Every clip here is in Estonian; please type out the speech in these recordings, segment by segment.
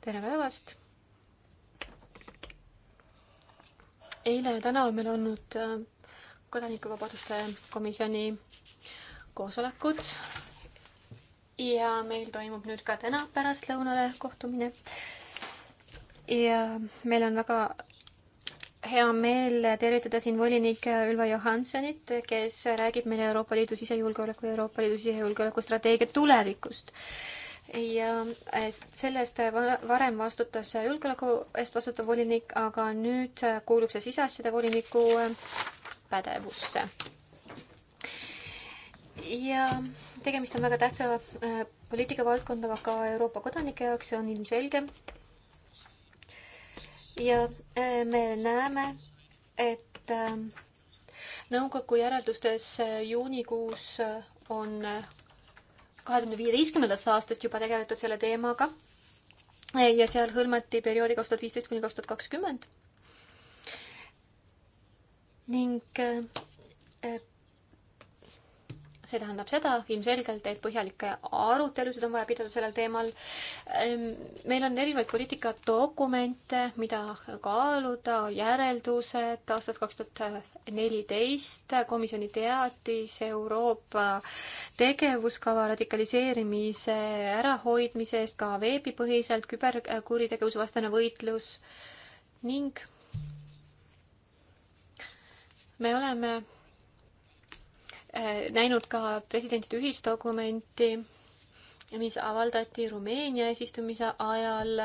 tere päevast! eile ja täna on meil olnud äh, kodanikuvabaduste komisjoni koosolekud ja meil toimub nüüd ka täna pärastlõunale kohtumine. ja meil on väga hea meel tervitada siin volinik Ülva Johansonit, kes räägib meile Euroopa Liidu sisejulgeoleku ja Euroopa Liidu sisejulgeoleku strateegia tulevikust ja selle eest varem vastutas julgeoleku eest vastutav volinik, aga nüüd kuulub see siseasjade voliniku äh, pädevusse. ja tegemist on väga tähtsa äh, poliitikavaldkondaga ka Euroopa kodanike jaoks, see on ilmselge. ja äh, me näeme, et nõukogu järeldustes juunikuus on kahe tuhande viieteistkümnendast aastast juba tegeletud selle teemaga ja seal hõlmati perioodi kaks tuhat viisteist kuni kaks tuhat kakskümmend. ning äh, see tähendab seda ilmselgelt, et põhjalikke arutelusid on vaja pidada sellel teemal. Ehm, meil on erinevaid poliitikadokumente, mida kaaluda, järeldused aastast kaks tuhat neliteist, komisjoni teatis, Euroopa tegevuskava radikaliseerimise ärahoidmise eest ka veebipõhiselt, küberkuritegevuse vastane võitlus ning me oleme Äh, näinud ka presidentide ühisdokumenti, mis avaldati Rumeenia eesistumise ajal,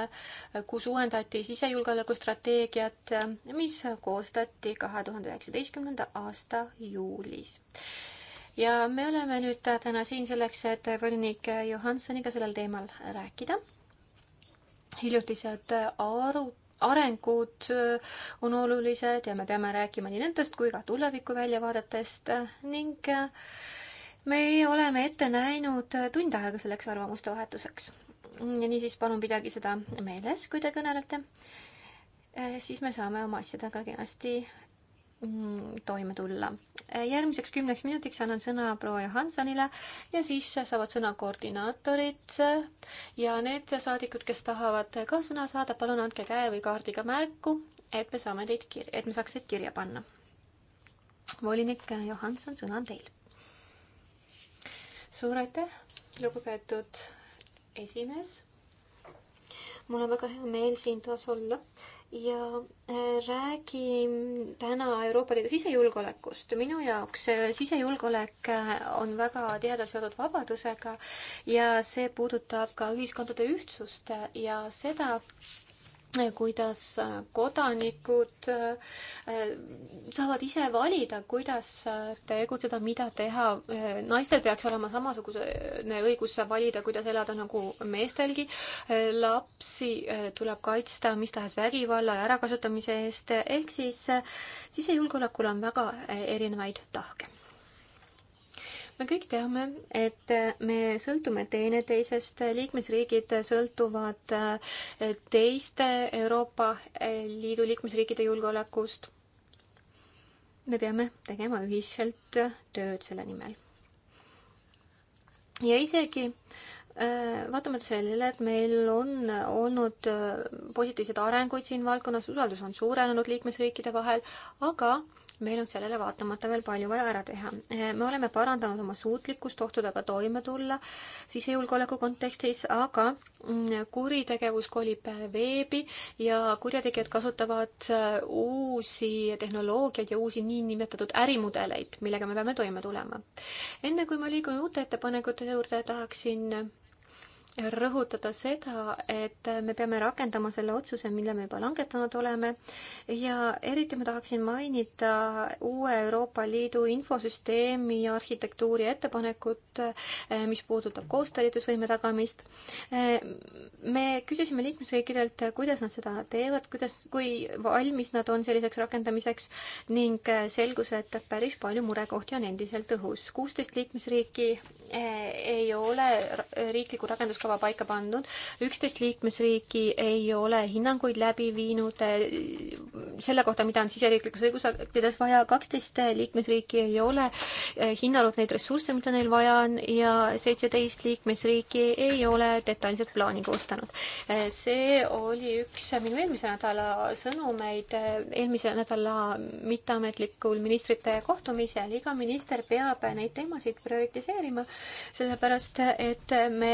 kus uuendati sisejulgeolekustrateegiat, mis koostati kahe tuhande üheksateistkümnenda aasta juulis. ja me oleme nüüd täna siin selleks, et volinik Johansoniga sellel teemal rääkida. hiljutised arut-, arengud äh, on olulised ja me peame rääkima nii nendest kui ka tuleviku väljavaadetest ning äh, me oleme ette näinud tund aega selleks arvamuste vahetuseks. niisiis palun pidage seda meeles, kui te kõnelete. Äh, siis me saame oma asjadega kenasti mm, toime tulla järgmiseks kümneks minutiks annan sõna proua Johansonile ja siis saavad sõna koordinaatorid ja need saadikud, kes tahavad ka sõna saada, palun andke käe või kaardiga märku, et me saame teid kir-, et me saaks teid kirja panna. volinik Johanson, sõna on teil. suur aitäh, lugupeetud esimees mul on väga hea meel siin taas olla ja äh, räägin täna Euroopa Liidu sisejulgeolekust. minu jaoks äh, sisejulgeolek äh, on väga tihedalt seotud vabadusega ja see puudutab ka ühiskondade ühtsust ja seda, kuidas äh, kodanikud äh, saavad ise valida, kuidas äh, tegutseda, mida teha. naistel peaks olema samasugune õigus valida, kuidas elada nagu meestelgi. lapsi tuleb kaitsta mis tahes vägivalla ja ärakasutamise eest, ehk siis sisejulgeolekul on väga erinevaid tahke me kõik teame, et me sõltume teineteisest, liikmesriigid sõltuvad eh, teiste Euroopa eh, Liidu liikmesriikide julgeolekust. me peame tegema ühiselt tööd selle nimel. ja isegi eh, vaatamata sellele, et meil on olnud positiivseid arenguid siin valdkonnas, usaldus on suurenenud liikmesriikide vahel, aga meil on sellele vaatamata veel palju vaja ära teha. Eh, me oleme parandanud oma suutlikkust ohtudega toime tulla sisejulgeoleku kontekstis, aga mm, kuritegevus kolib eh, veebi ja kurjategijad kasutavad eh, uusi tehnoloogiaid ja uusi niinimetatud ärimudeleid, millega me peame toime tulema. enne kui ma liigun uute ettepanekute juurde, tahaksin rõhutada seda, et me peame rakendama selle otsuse, mille me juba langetanud oleme ja eriti ma tahaksin mainida uue Euroopa Liidu infosüsteemi ja arhitektuuri ettepanekut, eh, mis puudutab koostööliitlusvõime tagamist. Eh, me küsisime liikmesriikidelt, kuidas nad seda teevad, kuidas, kui valmis nad on selliseks rakendamiseks ning eh, selgus, et päris palju murekohti on endiselt õhus. kuusteist liikmesriiki ei ole riiklikku rakendust tegevuskava paika pannud, üksteist liikmesriiki ei ole hinnanguid läbi viinud eh, selle kohta, mida on siseriiklikus õigusaktides vaja, kaksteist liikmesriiki ei ole eh, hinnanud neid ressursse, mida neil vaja on ja seitseteist liikmesriiki ei ole detailset plaani koostanud. Eh, see oli üks minu eelmise nädala sõnumeid eelmise nädala mitteametlikul ministrite kohtumisel, iga minister peab neid teemasid prioritiseerima, sellepärast et me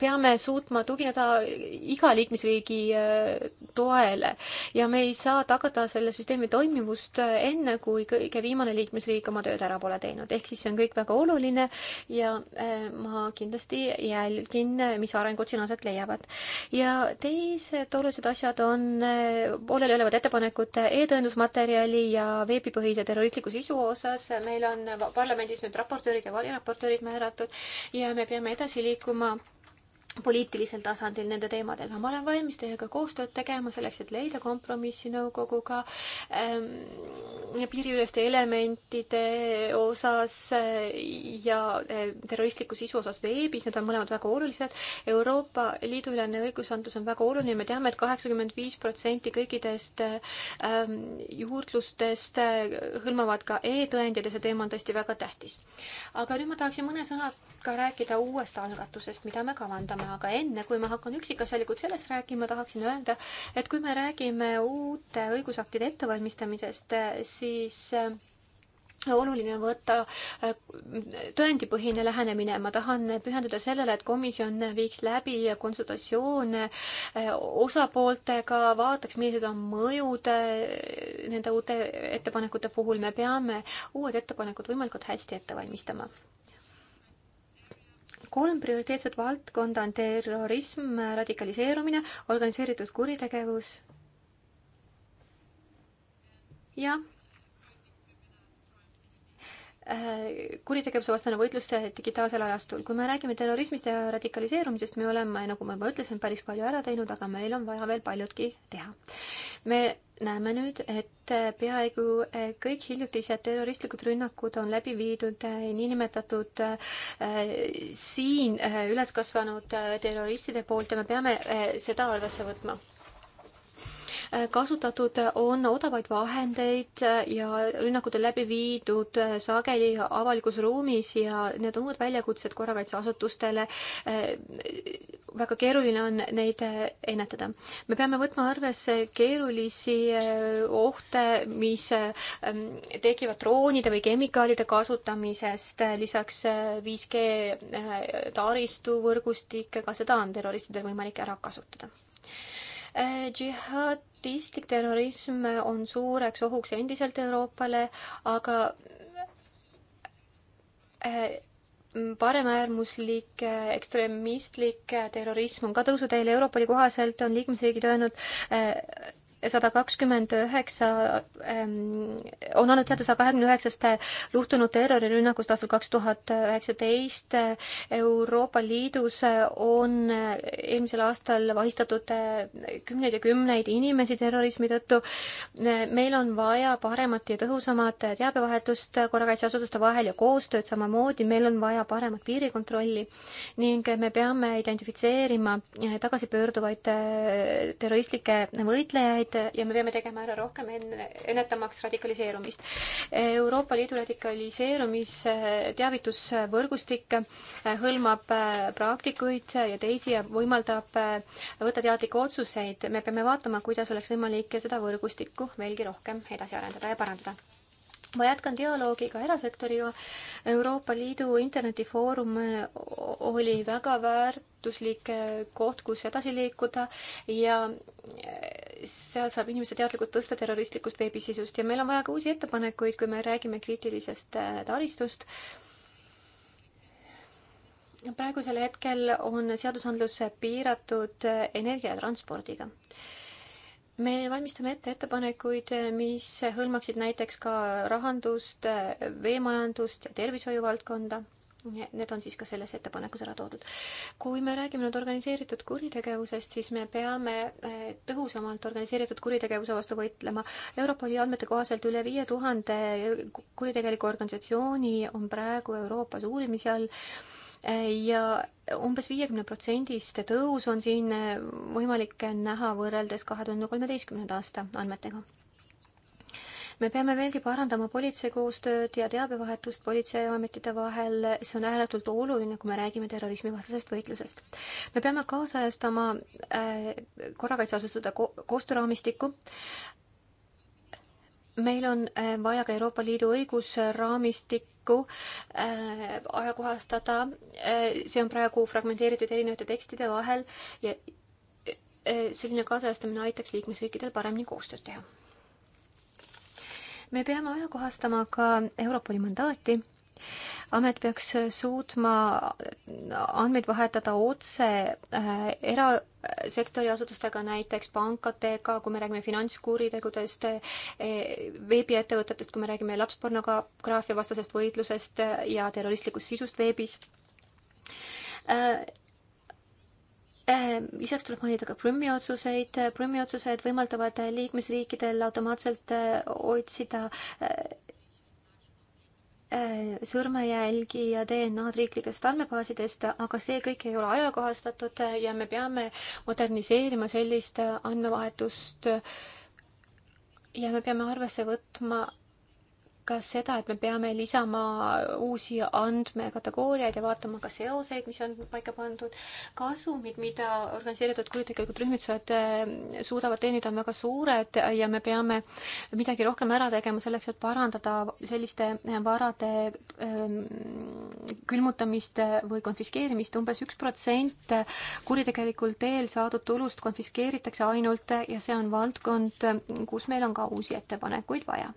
peame suutma tugineda iga liikmesriigi äh, toele ja me ei saa tagada selle süsteemi toimivust äh, enne, kui kõige viimane liikmesriik oma tööd ära pole teinud, ehk siis see on kõik väga oluline ja äh, ma kindlasti jälgin, mis arengud siin aset leiavad. ja teised olulised asjad on pooleliolevad ettepanekud e-tõendusmaterjali ja veebipõhise terroristliku sisu osas, meil on parlamendis nüüd raportöörid ja variraportöörid määratud ja me peame edasi liikuma poliitilisel tasandil nende teemadega. ma olen valmis teiega koostööd tegema selleks, et leida kompromissi nõukoguga ähm, piiriüleste elementide osas äh, ja äh, terroristliku sisu osas veebis, need on mõlemad väga olulised. Euroopa Liidu ülene õigusandlus on väga oluline, me teame et, et kaheksakümmend viis protsenti kõikidest ähm, juurdlustest äh, hõlmavad ka e-tõendid ja see teema on tõesti väga tähtis. aga nüüd ma tahaksin mõne sõnaga rääkida uuest algatusest, mida me kavandame aga enne, kui ma hakkan üksikasjalikult sellest rääkima, tahaksin öelda, et kui me räägime uute õigusaktide ettevalmistamisest, siis äh, oluline on võtta äh, tõendipõhine lähenemine. ma tahan pühenduda sellele, et komisjon viiks läbi konsultatsioone äh, osapooltega, vaataks, millised on mõjud nende uute ettepanekute puhul. me peame uued ettepanekud võimalikult hästi ette valmistama kolm prioriteetset valdkonda on terrorism, radikaliseerumine, organiseeritud kuritegevus ja Äh, kuritegevuse vastane võitlus digitaalsel ajastul. kui me räägime terrorismist ja radikaliseerumisest, me oleme, nagu ma juba ütlesin, päris palju ära teinud, aga meil on vaja veel paljutki teha. me näeme nüüd, et äh, peaaegu äh, kõik hiljutised terroristlikud rünnakud on läbi viidud niinimetatud siin üles kasvanud terroristide poolt ja me peame seda arvesse võtma kasutatud on odavaid vahendeid ja rünnakud on läbi viidud sageli avalikus ruumis ja need on uued väljakutsed korrakaitseasutustele. väga keeruline on neid ennetada. me peame võtma arvesse keerulisi ohte, mis ähm, tekivad droonide või kemikaalide kasutamisest, lisaks äh, 5G äh, taristu võrgustik, ka seda on terroristidel võimalik ära kasutada äh, džihad džihadistlik terrorism on suureks ohuks endiselt Euroopale, aga äh, paremäärmuslik äh, ekstremistlik äh, terrorism on ka tõusuteil. Europoli kohaselt on liikmesriigid öelnud sada kakskümmend üheksa ähm, on andnud teada saja kahekümne üheksast luhtunud terrorirünnakust aastal kaks tuhat üheksateist. Euroopa Liidus on eelmisel aastal vahistatud äh, kümneid ja kümneid inimesi terrorismi tõttu. meil on vaja paremat ja tõhusamat teabevahetust korrakaitseasutuste vahel ja koostööd samamoodi, meil on vaja paremat piirikontrolli ning me peame identifitseerima tagasipöörduvaid äh, terroristlikke võitlejaid, meid ja me peame tegema ära rohkem enne, ennetamaks radikaliseerumist. Euroopa Liidu radikaliseerumise teavitusvõrgustik eh, hõlmab eh, praktikuid eh, ja teisi ja võimaldab võtta teadlikke otsuseid. me peame vaatama, kuidas oleks võimalik seda võrgustikku veelgi rohkem edasi arendada ja parandada ma jätkan dialoogi ka erasektoriga. Euroopa Liidu internetifoorum oli väga väärtuslik koht, kus edasi liikuda ja seal saab inimese teadlikult tõsta terroristlikust veebisisust ja meil on vaja ka uusi ettepanekuid, kui me räägime kriitilisest äh, taristust. praegusel hetkel on seadusandlus piiratud äh, energia ja transpordiga. me valmistame ette ettepanekuid, äh, mis hõlmaksid näiteks ka rahandust, veemajandust ja tervishoiu valdkonda Need on siis ka selles ettepanekus ära toodud. kui me räägime nüüd organiseeritud kuritegevusest, siis me peame eh, tõhusamalt organiseeritud kuritegevuse vastu võitlema. Europoli andmete kohaselt üle viie tuhande kuritegeliku organisatsiooni on praegu Euroopas uurimise all eh, ja umbes viiekümne protsendist tõus on siin eh, võimalik näha võrreldes kahe tuhande kolmeteistkümnenda aasta andmetega me peame veelgi parandama politsei koostööd ja teabevahetust politseiametite vahel, see on ääretult oluline, kui me räägime terrorismivastasest võitlusest. me peame kaasajastama äh, korrakaitseasutuste koostööraamistikku, meil on äh, vaja ka Euroopa Liidu õigusraamistikku äh, ajakohastada, äh, see on praegu fragmenteeritud erinevate tekstide vahel ja äh, selline kaasajastamine aitaks liikmesriikidel paremini koostööd teha me peame ajakohastama ka Europoli mandaati. amet peaks suutma andmeid vahetada otse äh, erasektori asutustega, näiteks pankadega, kui me räägime finantskuritegudest, äh, veebiettevõtetest, kui me räägime lapspornograafia vastasest võitlusest ja terroristlikust sisust veebis äh, Ehm, lisaks tuleb mainida ka Prümi otsuseid. Prümi otsused võimaldavad liikmesriikidel automaatselt eh, otsida eh, eh, sõrmejälgi ja DNA-d riiklikest andmebaasidest, aga see kõik ei ole ajakohastatud ja me peame moderniseerima sellist andmevahetust. ja me peame arvesse võtma ka seda, et me peame lisama uusi andmekategooriaid ja vaatama ka seoseid, mis on paika pandud. kasumid, mida organiseeritud kuritegelikud rühmitused eh, suudavad teenida, on väga suured ja me peame midagi rohkem ära tegema selleks, et parandada selliste varade ehm, külmutamist või konfiskeerimist umbes. umbes üks protsent kuritegelikul teel saadud tulust konfiskeeritakse ainult ja see on valdkond, kus meil on ka uusi ettepanekuid vaja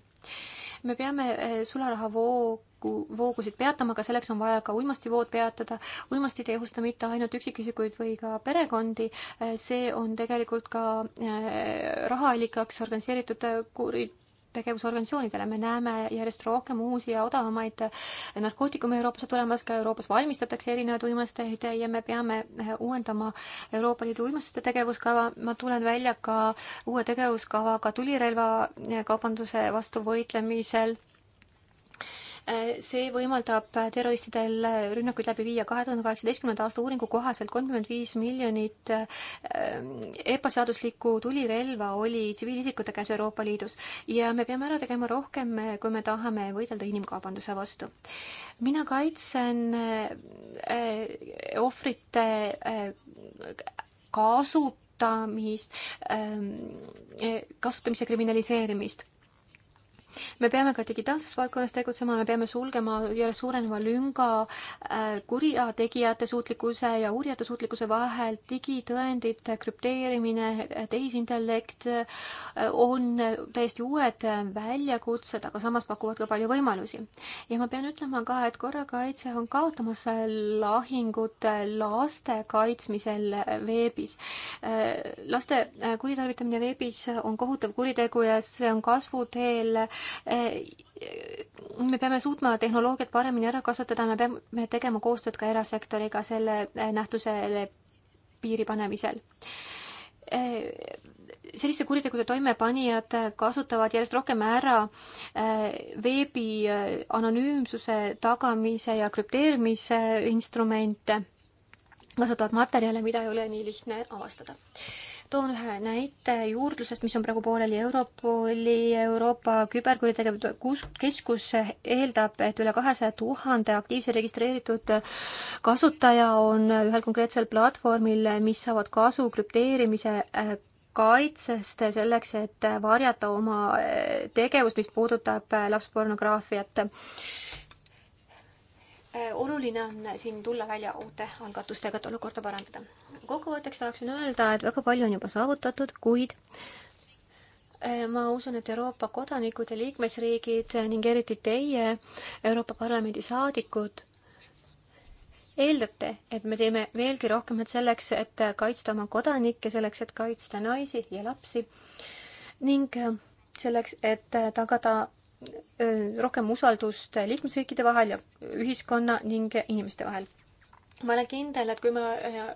me peame eh, sularahavoogu, voogusid peatama, aga selleks on vaja ka uimastivood peatada. uimastid ei ohusta mitte ainult üksikisikuid või ka perekondi, eh, see on tegelikult ka eh, rahaallikaks organiseeritud kurid, tegevusorganisatsioonidele. me näeme järjest rohkem uusi ja odavamaid narkootikume Euroopasse tulemas, ka Euroopas valmistatakse erinevaid uimasteid ja me peame uuendama Euroopa Liidu uimastite tegevuskava. ma tulen välja ka uue tegevuskavaga tulirelvakaubanduse vastu võitlemisel Äh, see võimaldab terroristidel rünnakuid läbi viia. kahe tuhande kaheksateistkümnenda aasta uuringu kohaselt kolmkümmend viis miljonit äh, ebaseaduslikku tulirelva oli tsiviilisikute käes Euroopa Liidus ja me peame ära tegema rohkem, kui me tahame võidelda inimkaubanduse vastu. mina kaitsen äh, ohvrite kasutamist, kasutamise kriminaliseerimist me peame ka digitaalses valdkonnas tegutsema, me peame sulgema järjest suureneva lünga äh, kurjategijate suutlikkuse ja uurijate suutlikkuse vahel, digitõendid, krüpteerimine, tehisintellekt äh, on täiesti uued äh, väljakutsed, aga samas pakuvad ka palju võimalusi. ja ma pean ütlema ka, et korrakaitse on kaotamas lahingut laste kaitsmisel veebis. laste kuritarvitamine veebis on kohutav kuritegu ja see on kasvuteel Eh, me peame suutma tehnoloogiat paremini ära kasutada, me peame tegema koostööd ka erasektoriga selle eh, nähtusele piiri panemisel eh, selliste kuritegude toimepanijad kasutavad järjest rohkem ära veebi anonüümsuse tagamise ja krüpteerimise instrumente, kasutavad materjale, mida ei ole nii lihtne avastada toon ühe näite juurdlusest, mis on praegu pooleli Europoli, Euroopa küberkuritegevuse keskus eeldab, et üle kahesaja tuhande aktiivse registreeritud kasutaja on ühel konkreetsel platvormil, mis saavad kasu krüpteerimise äh, kaitsest selleks, et varjata oma äh, tegevust, mis puudutab äh, lapspornograafiat. oluline on siin tulla välja uute algatustega, et olukorda parandada kokkuvõtteks tahaksin öelda, et väga palju on juba saavutatud, kuid eh, ma usun, et Euroopa kodanikud ja liikmesriigid ning eriti teie, Euroopa Parlamendi saadikud, eeldate, et me teeme veelgi rohkem, et selleks, et kaitsta oma kodanikke, selleks, et kaitsta naisi ja lapsi ning eh, selleks, et tagada eh, rohkem usaldust liikmesriikide vahel ja ühiskonna ning inimeste vahel ma olen kindel, et kui me äh,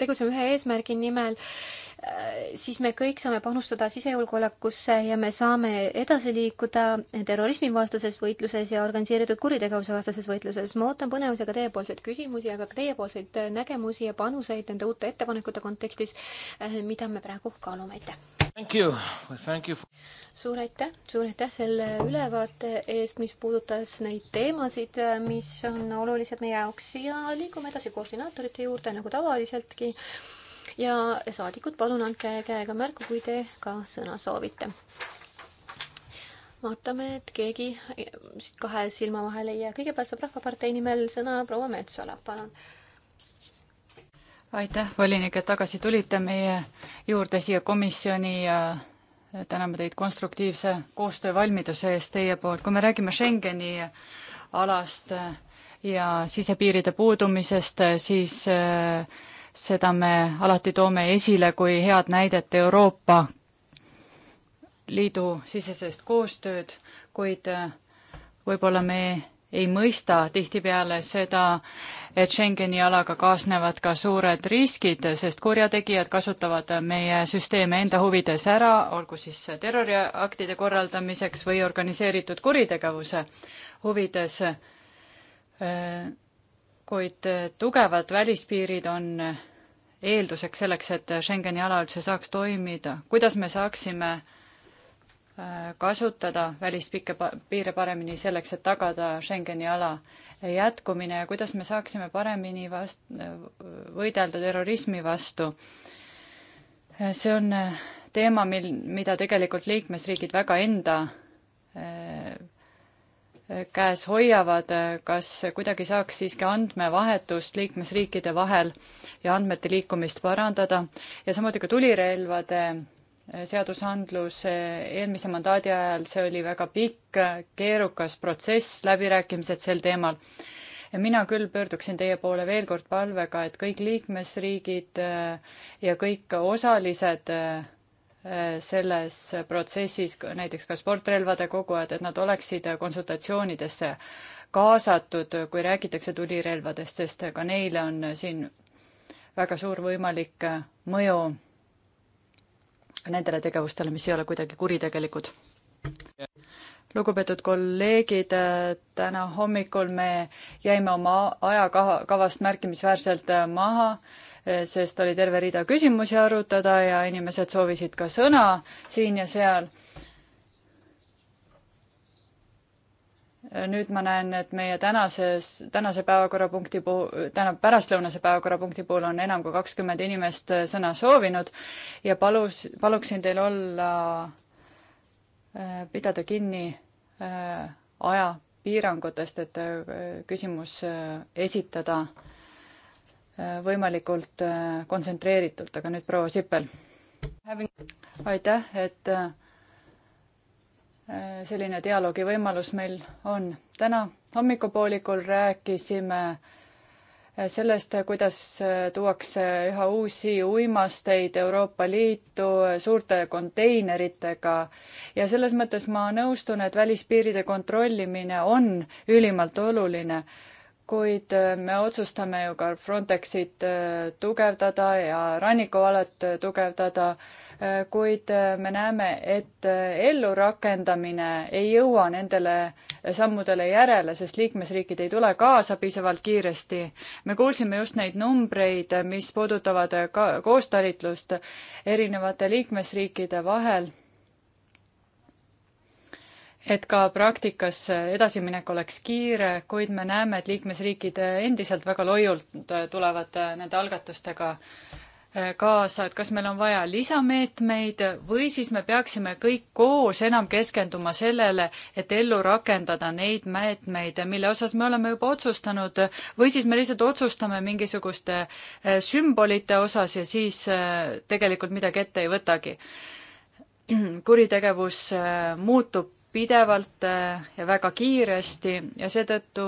tegutseme ühe eesmärgi nimel, äh, siis me kõik saame panustada sisejulgeolekusse ja me saame edasi liikuda terrorismivastases võitluses ja organiseeritud kuritegevuse vastases võitluses. ma ootan põnevusega teiepoolseid küsimusi, aga ka teiepoolseid äh, nägemusi ja panuseid nende uute ettepanekute kontekstis, mida me praegu kaalume. aitäh! For... suur aitäh, suur aitäh selle ülevaate eest, mis puudutas neid teemasid, äh, mis on olulised meie jaoks ja liigume edasi koordinaatorite juurde nagu tavaliseltki. ja saadikud, palun andke käega märku, kui te ka sõna soovite. vaatame, et keegi siit äh, kahe silma vahele ei jää. kõigepealt saab Rahvapartei nimel sõna proua Metsola, palun aitäh, volinik, et tagasi tulite meie juurde siia komisjoni ja täname teid konstruktiivse koostöövalmiduse eest teie poolt. kui me räägime Schengeni alast ja sisepiiride puudumisest, siis eh, seda me alati toome esile kui head näidet Euroopa Liidu sisesest koostööd, kuid eh, võib-olla me ei mõista tihtipeale seda, et Schengeni alaga kaasnevad ka suured riskid, sest kurjategijad kasutavad meie süsteeme enda huvides ära, olgu siis terroriaktide korraldamiseks või organiseeritud kuritegevuse huvides. kuid tugevad välispiirid on eelduseks selleks, et Schengeni ala üldse saaks toimida. kuidas me saaksime äh, kasutada välispikke piire paremini selleks, et tagada Schengeni ala jätkumine ja kuidas me saaksime paremini vast-, võidelda terrorismi vastu. see on eh, teema, mil, mida tegelikult liikmesriigid väga enda eh, käes hoiavad, eh, kas kuidagi saaks siiski andmevahetust liikmesriikide vahel ja andmete liikumist parandada ja samuti ka tulirelvade seadusandlus eelmise mandaadi ajal, see oli väga pikk, keerukas protsess, läbirääkimised sel teemal. mina küll pöörduksin teie poole veel kord palvega, et kõik liikmesriigid äh, ja kõik osalised äh, selles protsessis, näiteks ka sportrelvade kogujad, et nad oleksid konsultatsioonidesse kaasatud, kui räägitakse tulirelvadest, sest ka neile on siin väga suur võimalik mõju nendele tegevustele, mis ei ole kuidagi kuritegelikud. lugupeetud kolleegid, täna hommikul me jäime oma ajakavast märkimisväärselt maha sest oli terve rida küsimusi arutada ja inimesed soovisid ka sõna siin ja seal. nüüd ma näen, et meie tänases, tänase päevakorrapunkti puhul, tähendab pärastlõunase päevakorrapunkti puhul on enam kui kakskümmend inimest äh, sõna soovinud ja palus, paluksin teil olla, äh, pidada kinni äh, ajapiirangutest, et küsimus esitada võimalikult kontsentreeritult, aga nüüd proua Sippel. aitäh, et Äh, selline dialoogi võimalus meil on. täna hommikupoolikul rääkisime äh, sellest, äh, kuidas tuuakse üha uusi uimasteid Euroopa Liitu suurte konteineritega ja selles mõttes ma nõustun, et välispiiride kontrollimine on ülimalt oluline kuid äh, me otsustame ju ka Frontexit äh, tugevdada ja rannikualat äh, tugevdada, kuid me näeme, et ellurakendamine ei jõua nendele sammudele järele, sest liikmesriigid ei tule kaasa piisavalt kiiresti. me kuulsime just neid numbreid, mis puudutavad ka koostalitlust erinevate liikmesriikide vahel et ka praktikas edasiminek oleks kiire, kuid me näeme, et liikmesriigid endiselt väga loiult tulevad nende algatustega kaasa, et kas meil on vaja lisameetmeid või siis me peaksime kõik koos enam keskenduma sellele, et ellu rakendada neid meetmeid, mille osas me oleme juba otsustanud, või siis me lihtsalt otsustame mingisuguste eh, sümbolite osas ja siis eh, tegelikult midagi ette ei võtagi. kuritegevus eh, muutub pidevalt eh, ja väga kiiresti ja seetõttu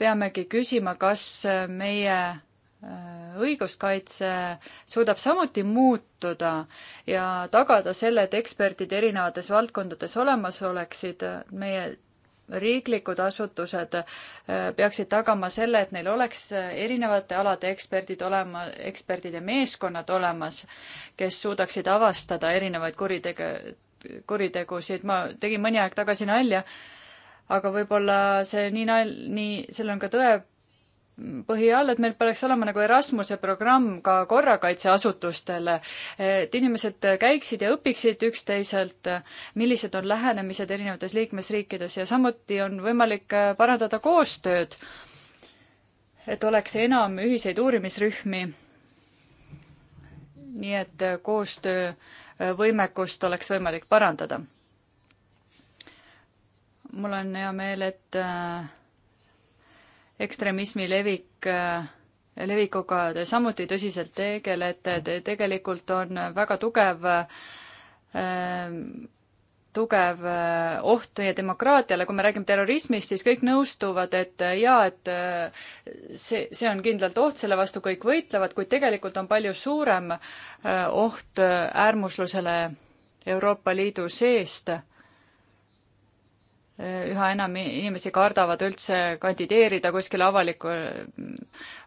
peamegi küsima, kas eh, meie eh, õiguskaitse suudab samuti muutuda ja tagada selle, et eksperdid erinevates valdkondades olemas oleksid, meie riiklikud asutused peaksid tagama selle, et neil oleks erinevate alade eksperdid olema, eksperdid ja meeskonnad olemas, kes suudaksid avastada erinevaid kuritege-, kuritegusid, ma tegin mõni aeg tagasi nalja, aga võib-olla see nii nal-, nii, sellel on ka tõe põhi all, et meil peaks olema nagu Erasmuse programm ka korrakaitseasutustele, et inimesed käiksid ja õpiksid üksteiselt, millised on lähenemised erinevates liikmesriikides ja samuti on võimalik parandada koostööd, et oleks enam ühiseid uurimisrühmi. nii et koostöö äh, võimekust oleks võimalik parandada. mul on hea meel, et äh, ekstremismi levik, äh, levikuga te samuti tõsiselt tegelete, te tegelikult on väga tugev äh, tugev äh, oht meie demokraatiale, kui me räägime terrorismist, siis kõik nõustuvad, et äh, jaa, et äh, see, see on kindlalt oht, selle vastu kõik võitlevad, kuid tegelikult on palju suurem oht äärmuslusele Euroopa Liidu seest. üha enam inimesi kardavad üldse kandideerida kuskile avalikku,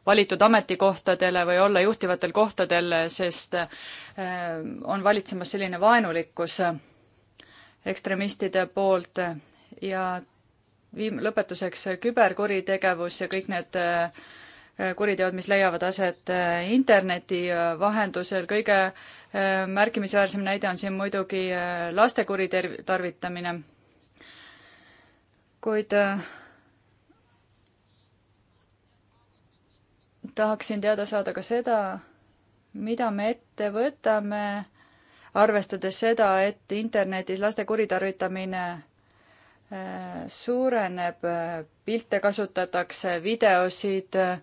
valitud ametikohtadele või olla juhtivatel kohtadel, sest on valitsemas selline vaenulikkus ekstremistide poolt ja viim-, lõpetuseks küberkuritegevus ja kõik need äh, kuriteod, mis leiavad aset äh, interneti äh, vahendusel, kõige märkimisväärsem näide on siin muidugi laste kuritarvitamine. kuid tahaksin teada saada ka seda, mida me ette võtame arvestades seda, et internetis laste kuritarvitamine äh, suureneb, äh, pilte kasutatakse, videosid, äh,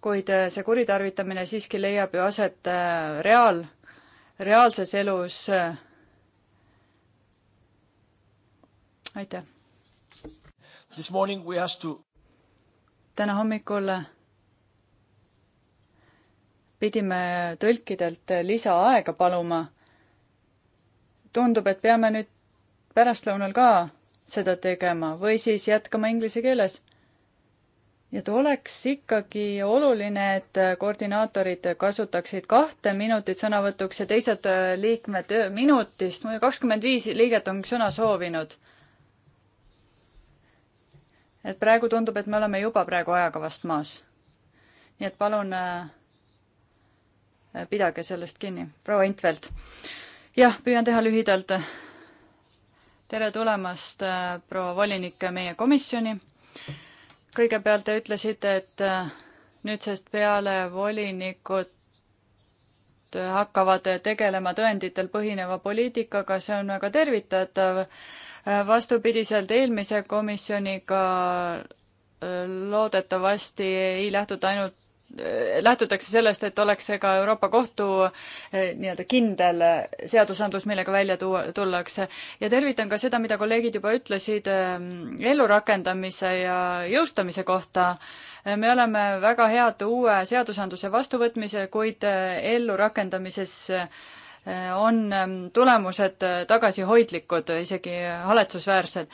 kuid see kuritarvitamine siiski leiab ju aset reaal, reaalses elus. aitäh! To... täna hommikul pidime tõlkidelt lisaaega paluma. tundub, et peame nüüd pärastlõunal ka seda tegema või siis jätkama inglise keeles. et oleks ikkagi oluline, et koordinaatorid kasutaksid kahte minutit sõnavõtuks ja teised liikmed minutist, muidu kakskümmend viis liiget on sõna soovinud. et praegu tundub, et me oleme juba praegu ajakavast maas. nii et palun äh, Eh, pidage sellest kinni. proua Intvelt. jah, püüan teha lühidalt. tere tulemast, eh, proua volinik, meie komisjoni. kõigepealt te ütlesite, et eh, nüüdsest peale volinikud hakkavad tegelema tõenditel põhineva poliitikaga, see on väga tervitatav. vastupidiselt eelmise komisjoniga loodetavasti ei lähtuta ainult lähtutakse sellest, et oleks see ka Euroopa Kohtu eh, nii-öelda kindel seadusandlus, millega välja tuua, tullakse. ja tervitan ka seda, mida kolleegid juba ütlesid eh, ellurakendamise ja jõustamise kohta. Eh, me oleme väga head uue seadusandluse vastuvõtmise, kuid ellurakendamises on tulemused tagasihoidlikud, isegi haletsusväärsed.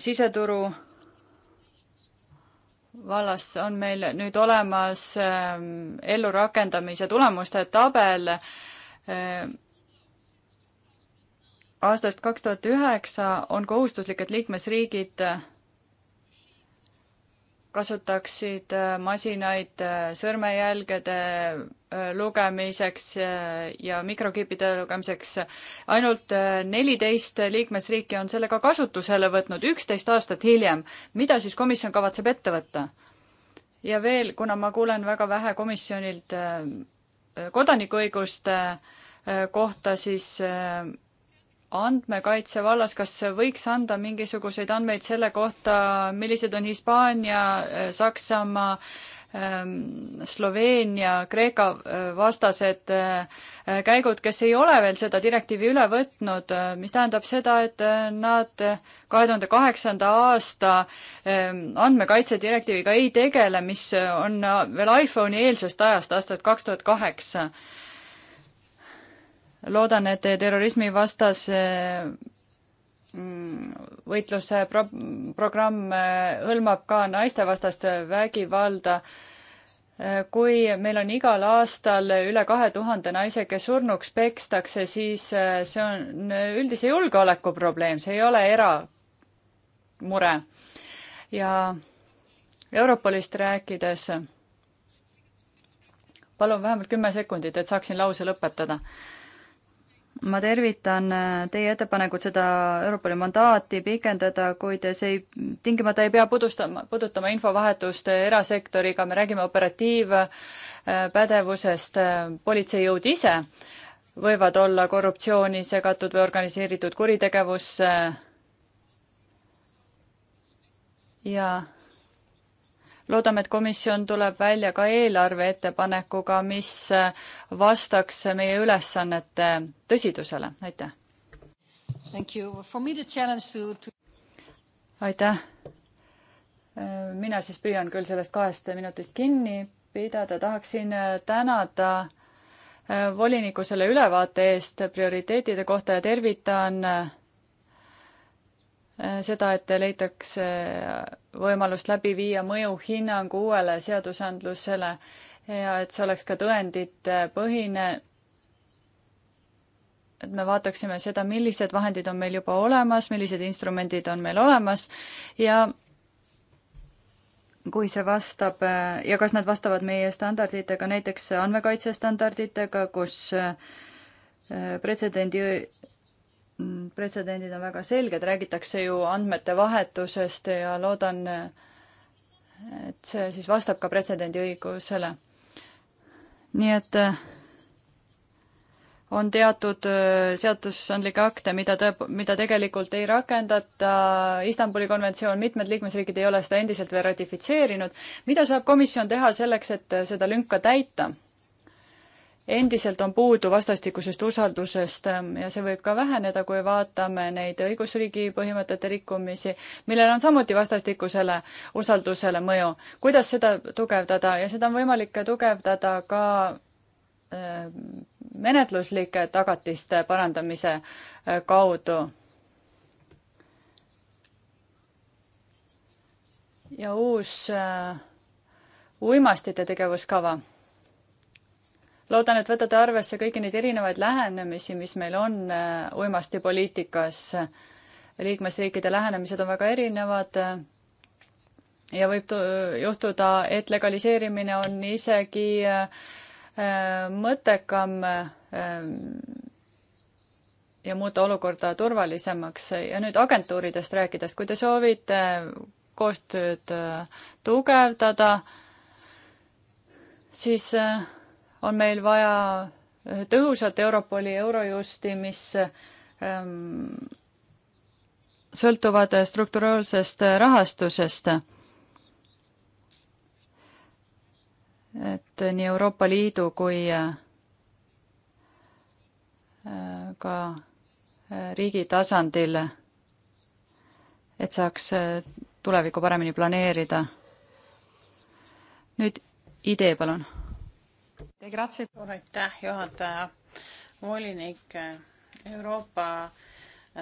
siseturu vallas on meil nüüd olemas ähm, ellurakendamise tulemuste tabel ähm, aastast kaks tuhat üheksa on kohustuslik, et liikmesriigid kasutaksid äh, masinaid äh, sõrmejälgede äh, lugemiseks ja mikrokippide lugemiseks. ainult neliteist liikmesriiki on selle ka kasutusele võtnud, üksteist aastat hiljem. mida siis komisjon kavatseb ette võtta? ja veel, kuna ma kuulen väga vähe komisjonilt kodanikuõiguste kohta, siis andmekaitse vallas, kas võiks anda mingisuguseid andmeid selle kohta, millised on Hispaania, Saksamaa, ehm, Sloveenia, Kreeka eh, vastased eh, käigud, kes ei ole veel seda direktiivi üle võtnud, eh, mis tähendab seda, et nad kahe tuhande kaheksanda aasta ehm, andmekaitse direktiiviga ei tegele, mis on veel iPhone'i eelsest ajast, aastast kaks tuhat kaheksa loodan, et terrorismivastase mm, võitluse pro-, programm äh, hõlmab ka naistevastast vägivalda. Äh, kui meil on igal aastal üle kahe tuhande naise, kes surnuks pekstakse, siis äh, see on üldise julgeoleku probleem, see ei ole eramure. ja Europolist rääkides, palun vähemalt kümme sekundit, et saaksin lause lõpetada ma tervitan äh, teie ettepanekut seda Euroopa Liidu mandaati pikendada, kuid see ei, tingimata ei pea pudustama, pudutama infovahetust erasektoriga, me räägime operatiivpädevusest, äh, politseijõud ise võivad olla korruptsiooni segatud või organiseeritud kuritegevusse äh, ja loodame, et komisjon tuleb välja ka eelarve ettepanekuga, mis vastaks meie ülesannete tõsidusele, aitäh. To... aitäh. mina siis püüan küll sellest kahest minutist kinni pidada, tahaksin tänada voliniku selle ülevaate eest prioriteetide kohta ja tervitan Äh, seda, et leitakse äh, võimalust läbi viia mõjuhinnang uuele seadusandlusele ja et see oleks ka tõenditepõhine. et me vaataksime seda, millised vahendid on meil juba olemas, millised instrumendid on meil olemas ja kui see vastab äh, ja kas nad vastavad meie standarditega, näiteks andmekaitsestandarditega, kus pretsedendi pretsedendid on väga selged, räägitakse ju andmete vahetusest ja loodan, et see siis vastab ka pretsedendi õigusele. nii et eh, on teatud eh, seadusandlikke akte, mida tõe, mida tegelikult ei rakendata, Istanbuli konventsioon, mitmed liikmesriigid ei ole seda endiselt veel ratifitseerinud. mida saab komisjon teha selleks, et eh, seda lünka täita? endiselt on puudu vastastikusest usaldusest ähm, ja see võib ka väheneda, kui vaatame neid õigusriigi põhimõtete rikkumisi, millel on samuti vastastikusele usaldusele mõju. kuidas seda tugevdada ja seda on võimalik tugevdada ka ähm, menetluslike tagatiste parandamise äh, kaudu ja uus äh, uimastite tegevuskava loodan, et võtate arvesse kõiki neid erinevaid lähenemisi, mis meil on äh, uimastipoliitikas. liikmesriikide lähenemised on väga erinevad ja võib juhtuda, et legaliseerimine on isegi äh, äh, mõttekam ja muuta olukorda turvalisemaks ja nüüd agentuuridest rääkides, kui te soovite koostööd tugevdada, siis on meil vaja tõhusat Europoli Eurojusti, mis ähm, sõltuvad strukturaalsest rahastusest. et nii Euroopa Liidu kui äh, ka riigi tasandil, et saaks äh, tulevikku paremini planeerida. nüüd idee, palun suur aitäh, juhataja, volinik, Euroopa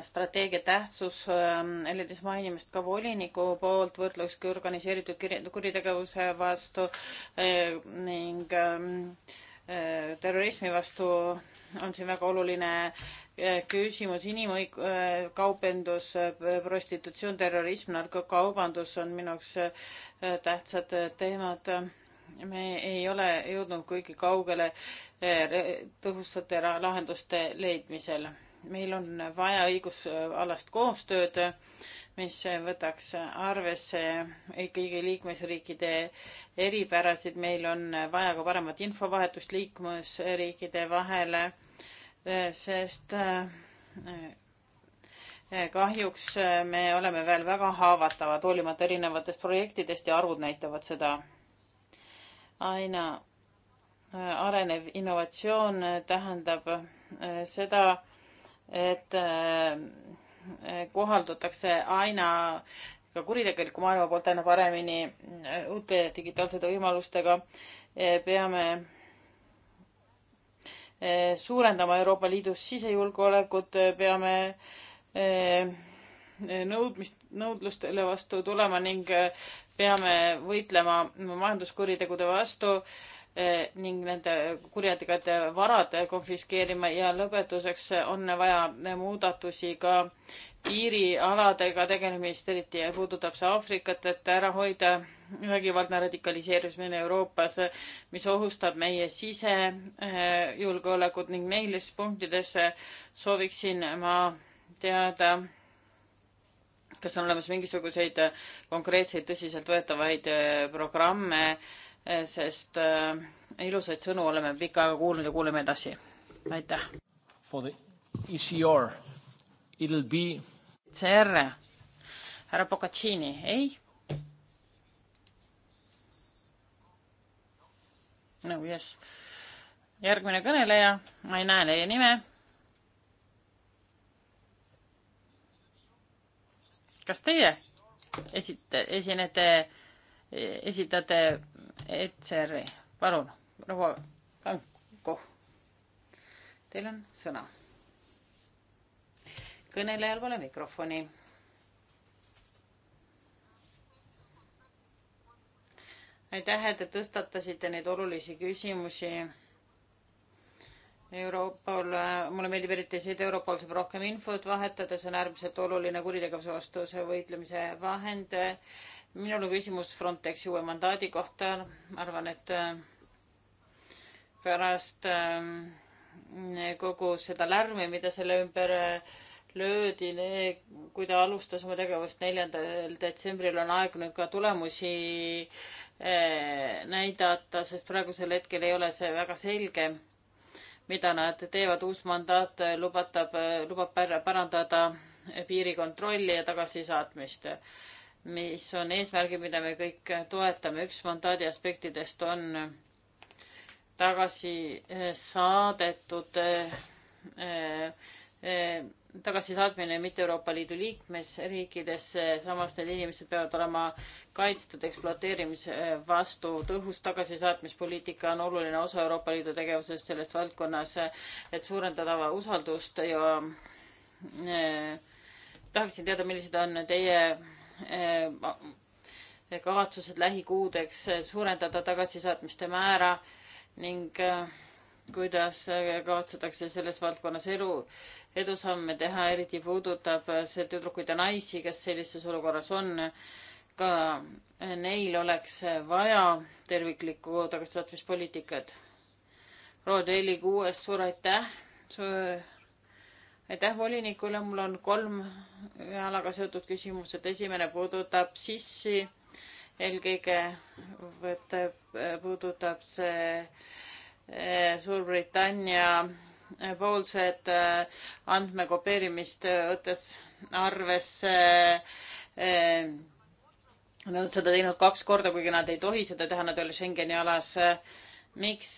strateegia tähtsus ähm, eelnedes mainimist ka voliniku poolt võrdluski organiseeritud kuritegevuse vastu äh, ning ähm, äh, terrorismi vastu on siin väga oluline äh, küsimus inimõig-, kaubandus, prostitutsioon, terrorism, narkokaubandus on minu jaoks tähtsad teemad me ei ole jõudnud kuigi kaugele eh, tõhusate lahenduste leidmisel. meil on vaja õigusalast koostööd, mis võtaks arvesse kõigi liikmesriikide eripärasid. meil on vaja ka paremat infovahetust liikmesriikide vahele, eh, sest eh, kahjuks me oleme veel väga haavatavad, hoolimata erinevatest projektidest ja arvud näitavad seda aina äh, arenev innovatsioon äh, tähendab äh, seda, et kohaldatakse aina ka kuritegeliku maailma poolt aina paremini uute digitaalsete võimalustega. peame suurendama Euroopa Liidus sisejulgeolekut, peame nõudmist, nõudlustele vastu tulema ning äh, peame võitlema majanduskuritegude vastu äh, ning nende kurjategijate varad konfiskeerima ja lõpetuseks on vaja muudatusi ka piirialadega tegelemist, eriti puudutab see Aafrikat, et ära hoida vägivaldne radikaliseerumine Euroopas, mis ohustab meie sisejulgeolekut ning neis punktides sooviksin ma teada kas on olemas mingisuguseid äh, konkreetseid tõsiseltvõetavaid äh, programme, äh, sest ilusaid sõnu oleme pikka aega kuulnud ja kuuleme edasi. aitäh. For the ECR, it'll be. E CR, härra Procaccini, ei? no yes, järgmine kõneleja, ma ei näe teie nime kas teie esite, esinete, esitate ETSR-i, palun, proua Kanko, teil on sõna. kõnelejal pole mikrofoni. aitäh, et te tõstatasite neid olulisi küsimusi Europol, mulle meeldib eriti see, et Europol saab rohkem infot vahetada, see on äärmiselt oluline kuritegevuse vastuse võitlemise vahend. minul on küsimus Frontexi uue mandaadi kohta. arvan, et äh, pärast äh, kogu seda lärmi, mida selle ümber äh, löödi, kui ta alustas oma tegevust neljandal detsembril, on aeg nüüd ka tulemusi näidata, sest praegusel hetkel ei ole see väga selge mida nad teevad, uus mandaat lubatab, lubab parandada piirikontrolli ja tagasisaatmist, mis on eesmärgid, mida me kõik toetame. üks mandaadi aspektidest on tagasi saadetud eh, eh, tagasisaatmine mitte Euroopa Liidu liikmesriikidesse, samas need inimesed peavad olema kaitstud ekspluateerimise äh, vastu. tõhus tagasisaatmispoliitika on oluline osa Euroopa Liidu tegevusest selles valdkonnas, et suurendada usaldust ja eh, tahaksin teada, millised on teie eh, kavatsused lähikuudeks suurendada tagasisaatmiste määra ning eh, kuidas äh, kavatsetakse selles valdkonnas elu, edusamme teha, eriti puudutab see tüdrukuid ja naisi, kes sellises olukorras on. ka neil oleks vaja terviklikku tagasisaatmispoliitikat. Rodeli kuues, suur aitäh su,! aitäh volinikule, mul on kolm alaga seotud küsimused. esimene puudutab sissi, eelkõige võtab, puudutab see äh, Eh, Suurbritannia eh, poolsed eh, andmekopeerimist võttes arvesse Nad on seda teinud kaks korda, kuigi nad ei tohi seda teha, nad ei ole Schengeni alas. miks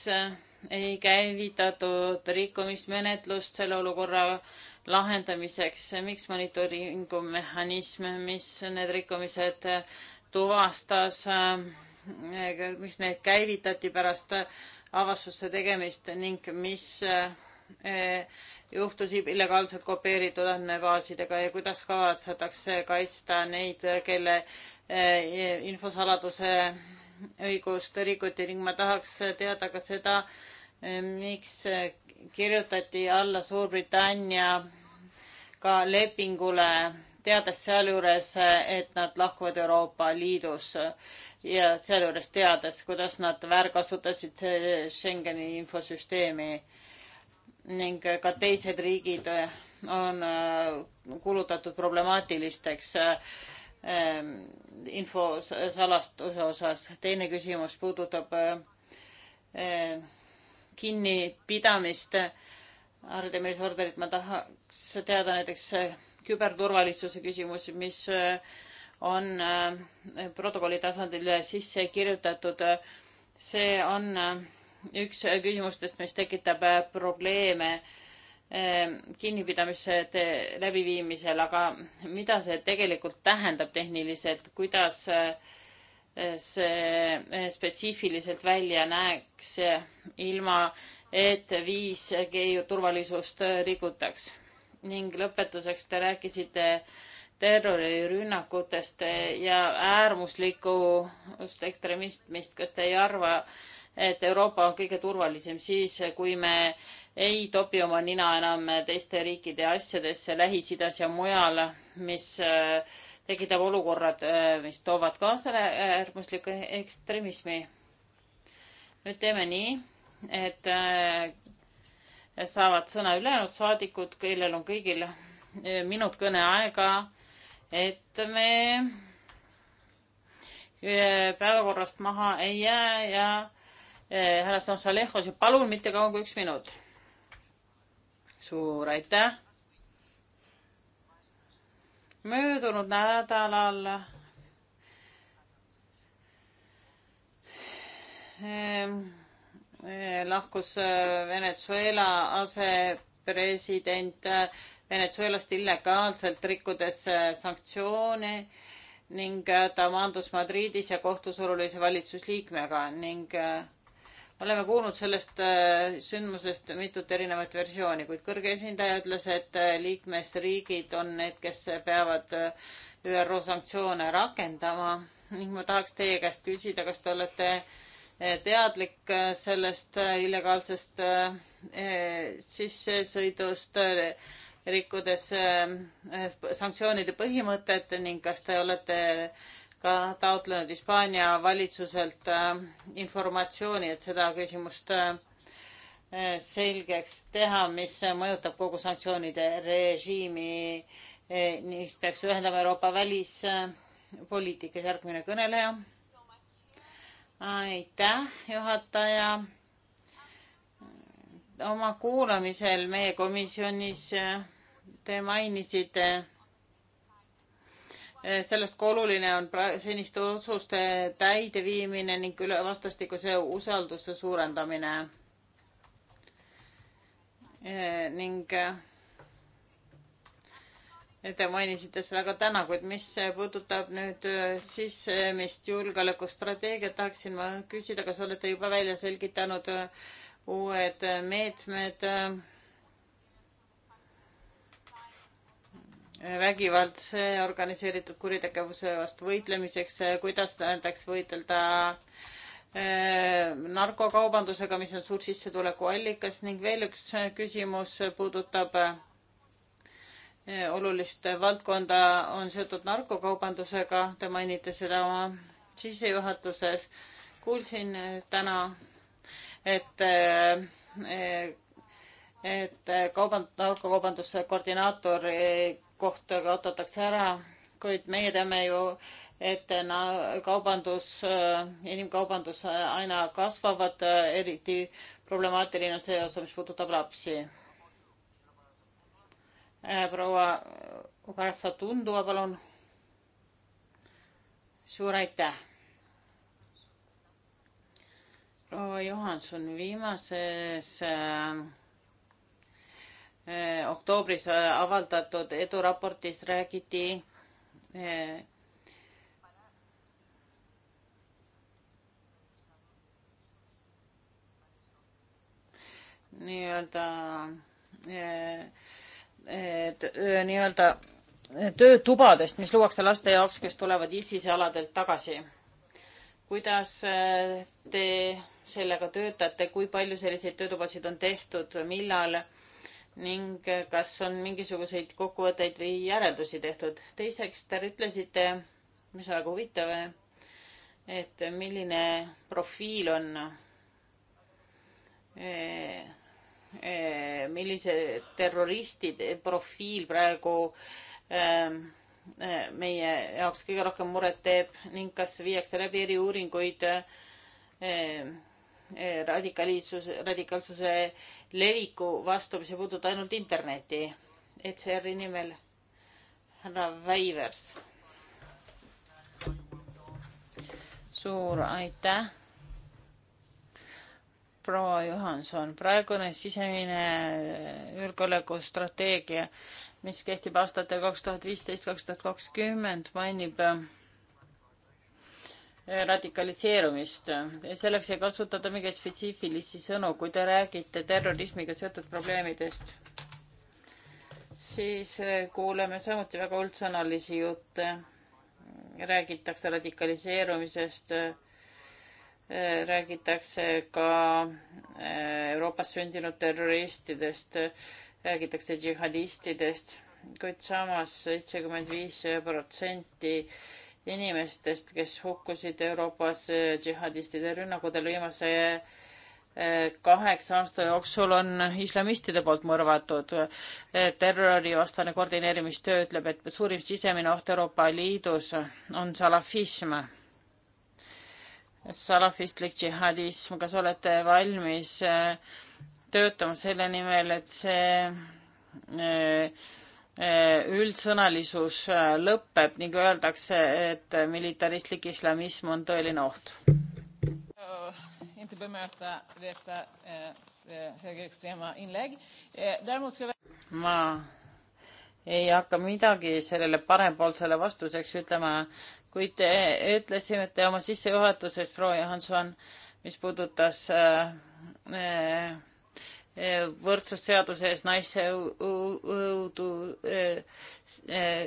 ei käivitatud rikkumismenetlust selle olukorra lahendamiseks, miks monitooringumehhanism, mis need rikkumised tuvastas, miks need käivitati pärast avastuste tegemist ning mis eh, juhtus illegaalselt kopeeritud andmebaasidega ja kuidas kavatsetakse kaitsta neid, kelle eh, infosaladuse õigust rikuti ning ma tahaks teada ka seda, eh, miks kirjutati alla Suurbritanniaga lepingule, teades sealjuures, et nad lahkuvad Euroopa Liidus ja sealjuures teades, kuidas nad väärkasutasid Schengeni infosüsteemi ning ka teised riigid eh, on eh, kuulutatud problemaatilisteks eh, info salastuse osas. teine küsimus puudutab kinnipidamist. Artemis orderit ma tahaks teada näiteks küberturvalisuse küsimusi, mis on äh, protokolli tasandil sisse kirjutatud. see on äh, üks küsimustest, mis tekitab äh, probleeme kinnipidamise läbiviimisel, aga mida see tegelikult tähendab tehniliselt, kuidas see spetsiifiliselt välja näeks, ilma et 5G turvalisust rikutaks. ning lõpetuseks te rääkisite äh, terrorirünnakutest ja äärmuslikust ekstremismist, kas te ei arva, et Euroopa on kõige turvalisem siis, kui me ei topi oma nina enam teiste riikide asjadesse Lähis-Idas ja mujal, mis äh, tekitab olukorrad, äh, mis toovad kaasa äh, äärmusliku ekstremismi. nüüd teeme nii, et saavad sõna ülejäänud saadikud, kellel on kõigil minut kõneaega et me eh, päevakorrast maha ei jää ja eh, härra Sansalehos ja palun mitte kauem kui üks minut. suur aitäh. möödunud nädalal eh, lahkus Venezuela asepresident Venezuelast illegaalselt, rikkudes äh, sanktsioone ning äh, ta maandus Madridis ja kohtus olulise valitsusliikmega ning äh, oleme kuulnud sellest sündmusest mitut erinevat versiooni, kuid kõrge esindaja ütles, et liikmesriigid on need, kes peavad ÜRO sanktsioone rakendama ning ma tahaks teie käest küsida, kas te olete teadlik sellest illegaalsest sissesõidust rikkudes äh, äh, sanktsioonide põhimõtet ning kas te olete ka taotlenud Hispaania valitsuselt äh, informatsiooni, et seda küsimust selgeks teha, mis mõjutab kogu sanktsioonide režiimi. Neist peaks ühendama Euroopa välispoliitikas järgmine kõneleja. aitäh, juhataja oma kuulamisel meie komisjonis äh, te mainisite äh, sellest, kui oluline on seniste otsuste täideviimine ning üle vastastikuse usalduse suurendamine. Äh, ning te mainisite seda ka täna, kuid mis puudutab nüüd sisemist julgeolekustrateegiat, tahaksin ma küsida, kas olete juba välja selgitanud äh, uued meetmed vägivaldse organiseeritud kuritegevuse vastu võitlemiseks, kuidas näiteks võidelda eh, narkokaubandusega, mis on suur sissetulekuallikas ning veel üks küsimus puudutab eh, olulist valdkonda, on seotud narkokaubandusega, te mainite seda oma sissejuhatuses. kuulsin eh, täna et et kauband-, narkokaubanduse koordinaatori koht kaotatakse ära, kuid meie teame ju, et na-, kaubandus, inimkaubandus aina kasvavad, eriti problemaatiline on see osa, mis puudutab lapsi. proua Karatsa Tundua, palun. suur aitäh proua Johanson, viimases äh, äh, oktoobris äh, avaldatud eduraportis räägiti äh, nii-öelda äh, äh, nii-öelda töötubadest, mis luuakse laste jaoks, kes tulevad ISISe aladelt tagasi. kuidas te sellega töötate, kui palju selliseid töötubasid on tehtud, millal ning kas on mingisuguseid kokkuvõtteid või järeldusi tehtud? teiseks, te ütlesite, mis on väga huvitav, et milline profiil on e, e, millise terroristide profiil praegu e, meie jaoks kõige rohkem muret teeb ning kas viiakse läbi eriuuringuid Eh, radikaliisus, radikaalsuse leviku vastu, mis ei puuduta ainult Internetti. ECR-i nimel härra Väivers. suur aitäh, proua Johanson. praegune sisemine julgeolekustrateegia, mis kehtib aastatel kaks tuhat viisteist, kaks tuhat kakskümmend, mainib radikaliseerumist. selleks ei kasutata mingeid spetsiifilisi sõnu, kui te räägite terrorismiga seotud probleemidest, siis eh, kuuleme samuti väga üldsõnalisi jutte. räägitakse radikaliseerumisest, eh, räägitakse ka eh, Euroopas sündinud terroristidest, räägitakse džihadistidest, kuid samas seitsekümmend viis protsenti inimestest, kes hukkusid Euroopas eh, džihadistide rünnakutel viimase eh, kaheksa aasta jooksul on islamistide poolt mõrvatud. Eh, terrorivastane koordineerimistöö ütleb, et suurim sisemine oht Euroopa Liidus on salafism. salafistlik džihadism, kas olete valmis töötama selle nimel, et see Eh, üldsõnalisus eh, lõpeb ning öeldakse, et eh, militaristlik islamism on tõeline oht. ma ei hakka midagi sellele parempoolsele vastuseks ütlema, kuid te ütlesite oma sissejuhatuses, proua Johanson, mis puudutas äh, äh, võrdsusseaduse ees naise õudu äh, äh,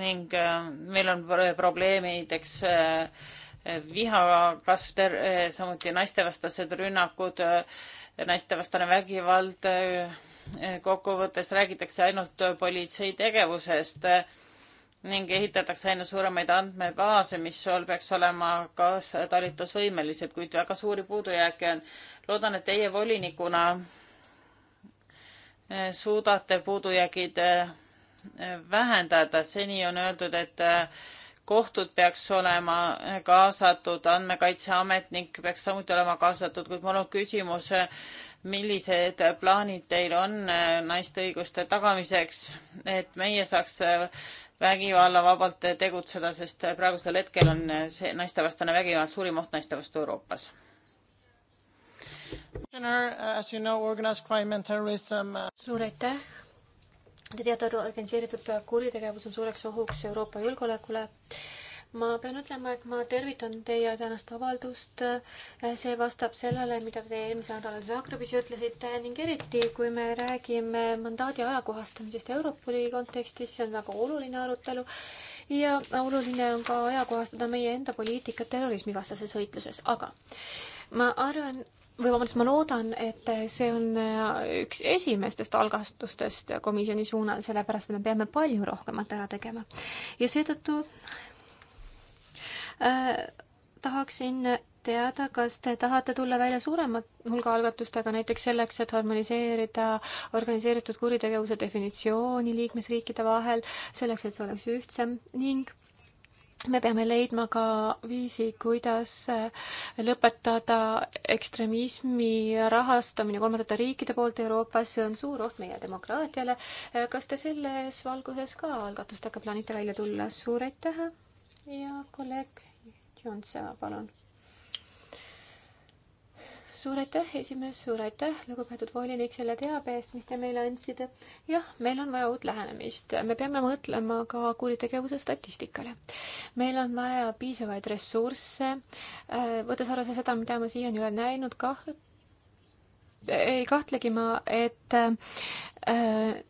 ning äh, meil on probleemideks viha kasv, samuti naistevastased rünnakud, naistevastane vägivald. kokkuvõttes räägitakse ainult politsei tegevusest ning ehitatakse aina suuremaid andmebaase, mis ol, peaks olema kaastalitusvõimelised, kuid väga suuri puudujääke on. loodan, et teie volinikuna suudate puudujäägid eh, vähendada. seni on öeldud, et eh, kohtud peaks olema kaasatud, andmekaitseametnik peaks samuti olema kaasatud, kuid mul on küsimus, millised plaanid teil on eh, naiste õiguste tagamiseks, et meie saaks vägivalla vabalt tegutseda, sest praegusel hetkel on see naistevastane vägivald suurim oht naiste vastu Euroopas Uh, uh, suur aitäh. Te teate, organiseeritud kuritegevus on suureks ohuks Euroopa julgeolekule ma pean ütlema, et ma tervitan teie tänast avaldust. see vastab sellele, mida te eelmisel nädalal Zagrebis ütlesite ning eriti, kui me räägime mandaadi ajakohastamisest Europoli kontekstis, see on väga oluline arutelu. ja oluline on ka ajakohastada meie enda poliitikat terrorismivastases võitluses, aga ma arvan, või vabandust, ma loodan, et see on äh, üks esimestest algastustest komisjoni suunal, sellepärast et me peame palju rohkemat ära tegema. ja seetõttu äh, tahaksin teada, kas te tahate tulla välja suurema hulga algatustega, näiteks selleks, et harmoniseerida organiseeritud kuritegevuse definitsiooni liikmesriikide vahel, selleks, et see oleks ühtsem ning me peame leidma ka viisi, kuidas äh, lõpetada ekstremismi rahastamine kolmandate riikide poolt Euroopas, see on suur oht meie demokraatiale. Äh, kas te selles valguses ka algatustega plaanite välja tulla? suur aitäh ja kolleeg Jons, palun suur aitäh, esimees, suur aitäh, lugupeetud volinik, selle teabe eest, mis te meile andsite. jah, meil on vaja uut lähenemist, me peame mõtlema ka kuritegevuse statistikale. meil on vaja piisavaid ressursse, äh, võttes arvesse seda, mida ma siiani olen näinud, kah-, ei kahtlegi ma, et äh,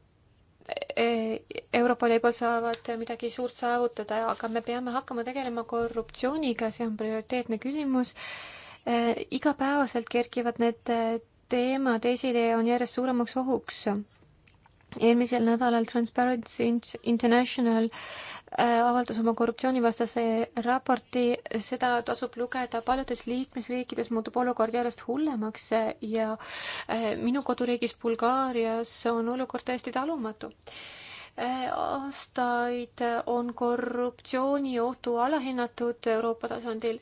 e, Euroopa Liidul saavad midagi suurt saavutada, aga me peame hakkama tegelema korruptsiooniga, see on prioriteetne küsimus äh, Äh, igapäevaselt kerkivad need äh, teemad esile ja on järjest suuremaks ohuks. eelmisel nädalal Transparency International äh, avaldas oma korruptsioonivastase raporti, seda tasub lugeda, paljudes liikmesriikides muutub olukord järjest hullemaks ja minu koduriigis Bulgaarias on olukord täiesti talumatu aastaid on korruptsiooniohtu alahinnatud Euroopa tasandil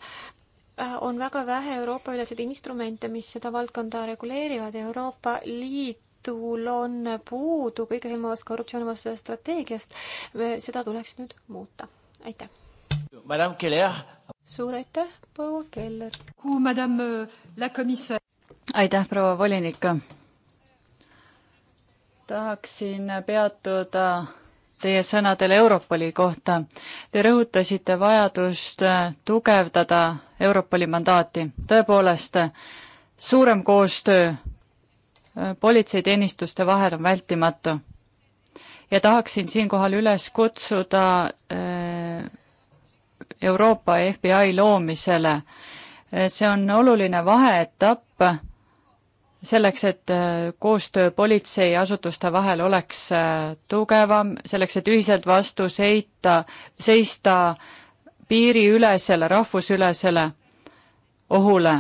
Äh, on väga vähe Euroopa-üleseid instrumente, mis seda valdkonda reguleerivad. Euroopa Liidul on puudu kõigehõlmavast korruptsioonivastasest strateegiast. seda tuleks nüüd muuta. aitäh. Madame Keller. suur aitäh, proua Keller. aitäh, proua volinik. tahaksin peatuda teie sõnadele Europoli kohta. Te rõhutasite vajadust tugevdada Europoli mandaati. tõepoolest, suurem koostöö politseiteenistuste vahel on vältimatu. ja tahaksin siinkohal üles kutsuda eh, Euroopa FBI loomisele. Eh, see on oluline vaheetapp selleks, et äh, koostöö politseiasutuste vahel oleks äh, tugevam, selleks, et ühiselt vastu seita, seista piiriülesele, rahvusülesele ohule.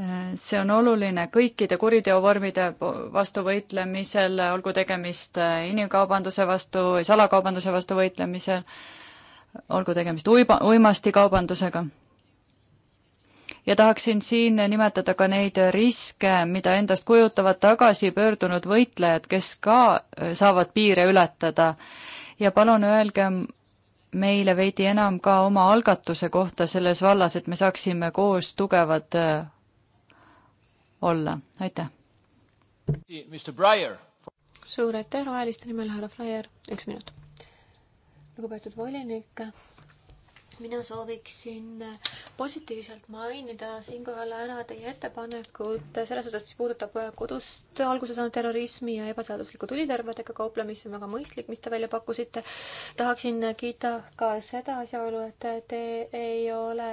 Äh, see on oluline kõikide kuriteovormide vastu võitlemisel, olgu tegemist inimkaubanduse vastu, salakaubanduse vastu võitlemisel, olgu tegemist uiba, uimastikaubandusega ja tahaksin siin nimetada ka neid riske, mida endast kujutavad tagasipöördunud võitlejad, kes ka äh, saavad piire ületada. ja palun öelge meile veidi enam ka oma algatuse kohta selles vallas, et me saaksime koos tugevad äh, olla, aitäh. suur aitäh roheliste nimel, härra Breyer, üks minut. lugupeetud volinik mina sooviksin positiivselt mainida siinkohal ära teie ettepanekud selles osas, mis puudutab kodust alguse saanud terrorismi ja ebaseadusliku tulitõrvedega kauplemist, see on väga mõistlik, mis te välja pakkusite. tahaksin kiita ka seda asjaolu, et te ei ole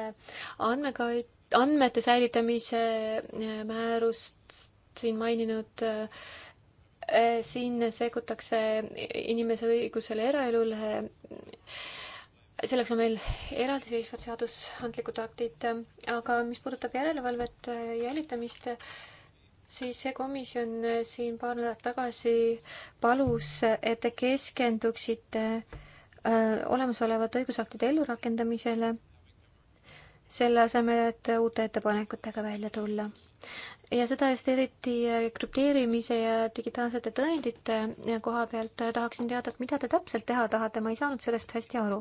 andmekait-, andmete säilitamise määrust siin maininud siin sekkutakse inimese õigusele eraelule selleks on meil eraldiseisvad seadusandlikud aktid, aga mis puudutab järelevalvet, äh, jälitamist, siis see komisjon äh, siin paar nädalat tagasi palus, äh, et te keskenduksite olemasolevate õigusaktide ellurakendamisele, selle asemel, et uute ettepanekutega välja tulla ja seda just eriti äh, krüpteerimise ja digitaalsete tõendite äh, koha pealt äh, tahaksin teada, et mida te täpselt teha tahate, ma ei saanud sellest hästi aru.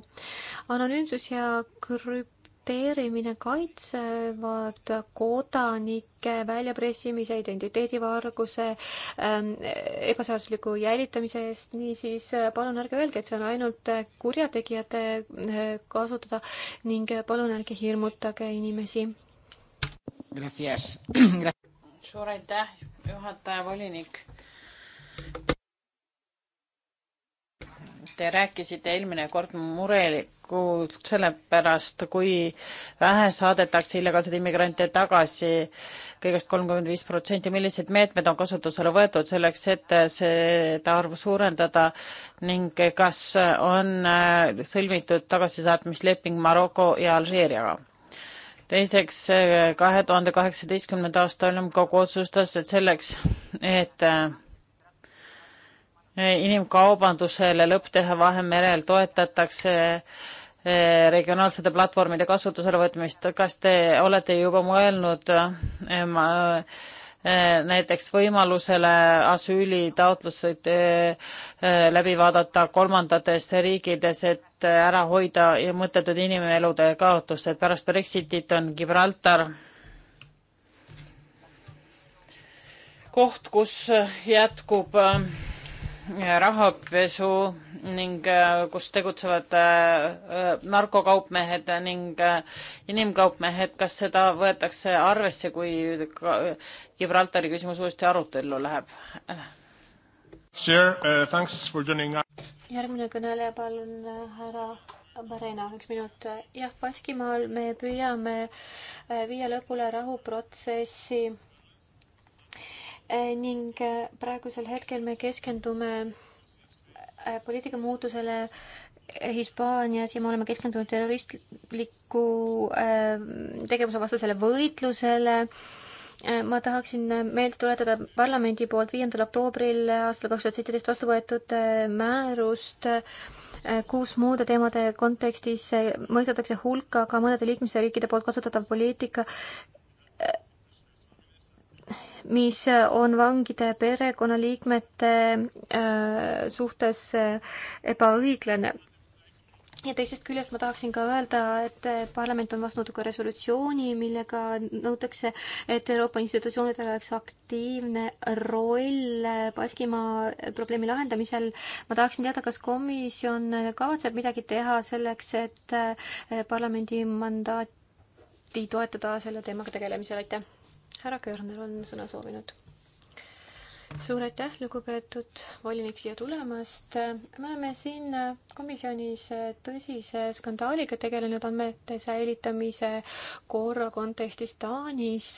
anonüümsus ja krüpteerimine kaitsevad kodanike väljapressimise, identiteedivarguse ähm,, ebaseadusliku jälitamise eest, niisiis palun ärge öelge, et see on ainult kurjategijate kasutada ning palun ärge hirmutage inimesi. Gracias. suur aitäh, juhataja, volinik. Te rääkisite eelmine kord murelikult sellepärast, kui vähe saadetakse illegaalseid immigrante tagasi, kõigest kolmkümmend viis protsenti. millised meetmed on kasutusele võetud selleks, et seda arvu suurendada ning kas on äh, sõlmitud tagasisaatmisleping Maroko ja Alžeeriaga? teiseks, kahe tuhande kaheksateistkümnenda aasta ülemkogu otsustas, et selleks, et äh, inimkaubandusele lõpp teha Vahemerel, toetatakse äh, regionaalsete platvormide kasutusele võtmist. kas te olete juba mõelnud äh, Eh, näiteks võimalusele asüülitaotluseid eh, eh, läbi vaadata kolmandates riikides, et ära hoida mõttetud inimelude kaotust, et pärast Brexitit on Gibraltar koht, kus jätkub rahapesu ning äh, kus tegutsevad äh, äh, narkokaupmehed ning inimkaupmehed, kas seda võetakse arvesse, kui Gibraltari küsimus uuesti arutellu läheb? järgmine kõneleja, palun härra Marena, üks minut. jah, Baskimaal me püüame viia lõpule rahuprotsessi Eh, ning eh, praegusel hetkel me keskendume eh, poliitika muutusele Hispaanias ja me oleme keskendunud terroristliku tegevuse vastasele võitlusele. ma tahaksin meelt tuletada parlamendi poolt viiendal oktoobril aastal kaks tuhat seitseteist vastu võetud määrust, kus muude teemade kontekstis mõistetakse hulka ka mõnede liikmesriikide poolt kasutatav poliitika, mis on vangide perekonnaliikmete äh, suhtes äh, ebaõiglane ja teisest küljest ma tahaksin ka öelda, et äh, parlament on vastu võtnud ka resolutsiooni, millega nõutakse, et Euroopa institutsioonidel oleks aktiivne roll Baskimaa probleemi lahendamisel. ma tahaksin teada, kas komisjon kavatseb midagi teha selleks, et parlamendi mandaati toetada selle teemaga tegelemisel, aitäh! härra Körner on sõna soovinud. suur aitäh, lugupeetud volinik, siia tulemast. me oleme siin komisjonis tõsise skandaaliga tegelenud andmete säilitamise korra kontekstis Taanis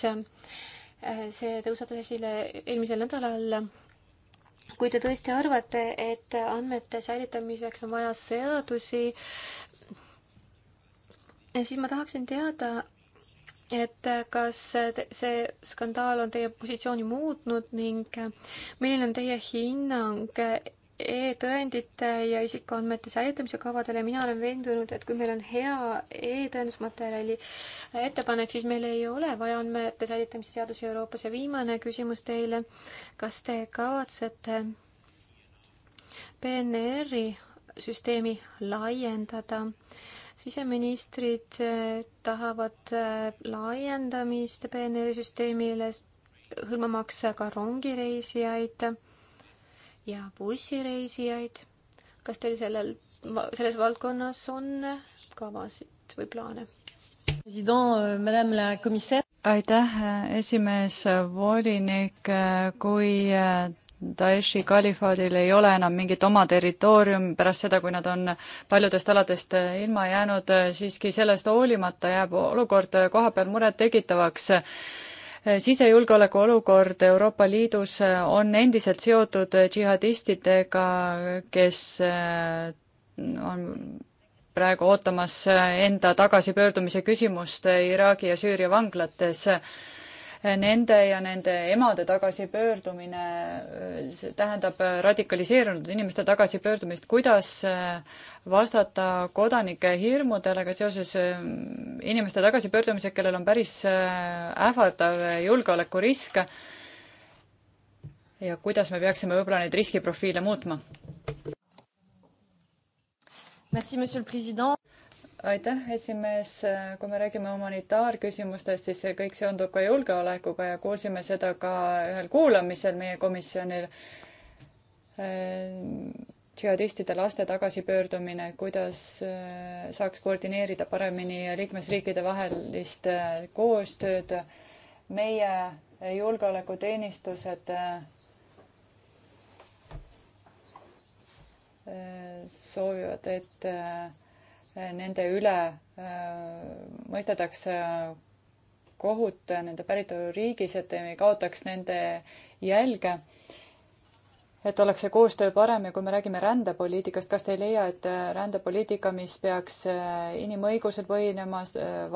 see tõusetus esile eelmisel nädalal. kui te tõesti arvate, et andmete säilitamiseks on vaja seadusi, siis ma tahaksin teada, et äh, kas see skandaal on teie positsiooni muutnud ning äh, milline on teie hinnang äh, e-tõendite ja isikuandmete säilitamise kavadele, mina olen veendunud, et kui meil on hea e-tõendusmaterjali ettepanek, siis meil ei ole vaja andmete säilitamise seadusi Euroopas ja viimane küsimus teile, kas te kavatsete PNR-i süsteemi laiendada äh, siseministrid eh, tahavad eh, laiendamist PNR süsteemile, hõlmamaks ka rongireisijaid ja bussireisijaid. kas teil sellel, selles valdkonnas on kavasid või plaane? Euh, aitäh, eh, esimees volinik, kui Daeshi kalifaadil ei ole enam mingit oma territooriumi pärast seda, kui nad on paljudest aladest ilma jäänud, siiski sellest hoolimata jääb olukord kohapeal murettekitavaks. sisejulgeoleku olukord Euroopa Liidus on endiselt seotud džihadistidega, kes eh, on praegu ootamas enda tagasipöördumise küsimust Iraagi ja Süüria vanglates nende ja nende emade tagasipöördumine, see tähendab radikaliseerunud inimeste tagasipöördumist, kuidas äh, vastata kodanike hirmudele ka seoses äh, inimeste tagasipöördumisega, kellel on päris äh, ähvardav julgeolekurisk ja kuidas me peaksime võib-olla neid riskiprofiile muutma? aitäh, esimees. kui me räägime humanitaarküsimustest, siis see kõik seondub ka julgeolekuga ja kuulsime seda ka ühel kuulamisel meie komisjonil. džihadistide laste tagasipöördumine, kuidas äh, saaks koordineerida paremini liikmesriikide vahelist äh, koostööd. meie julgeolekuteenistused äh, soovivad, et Äh, nende üle äh, mõistetakse äh, kohut nende päritoluriigis, et ei kaotaks nende jälge. et oleks see koostöö parem ja kui me räägime rändepoliitikast, kas te ei leia, et rändepoliitika, mis peaks inimõigusel põhinema,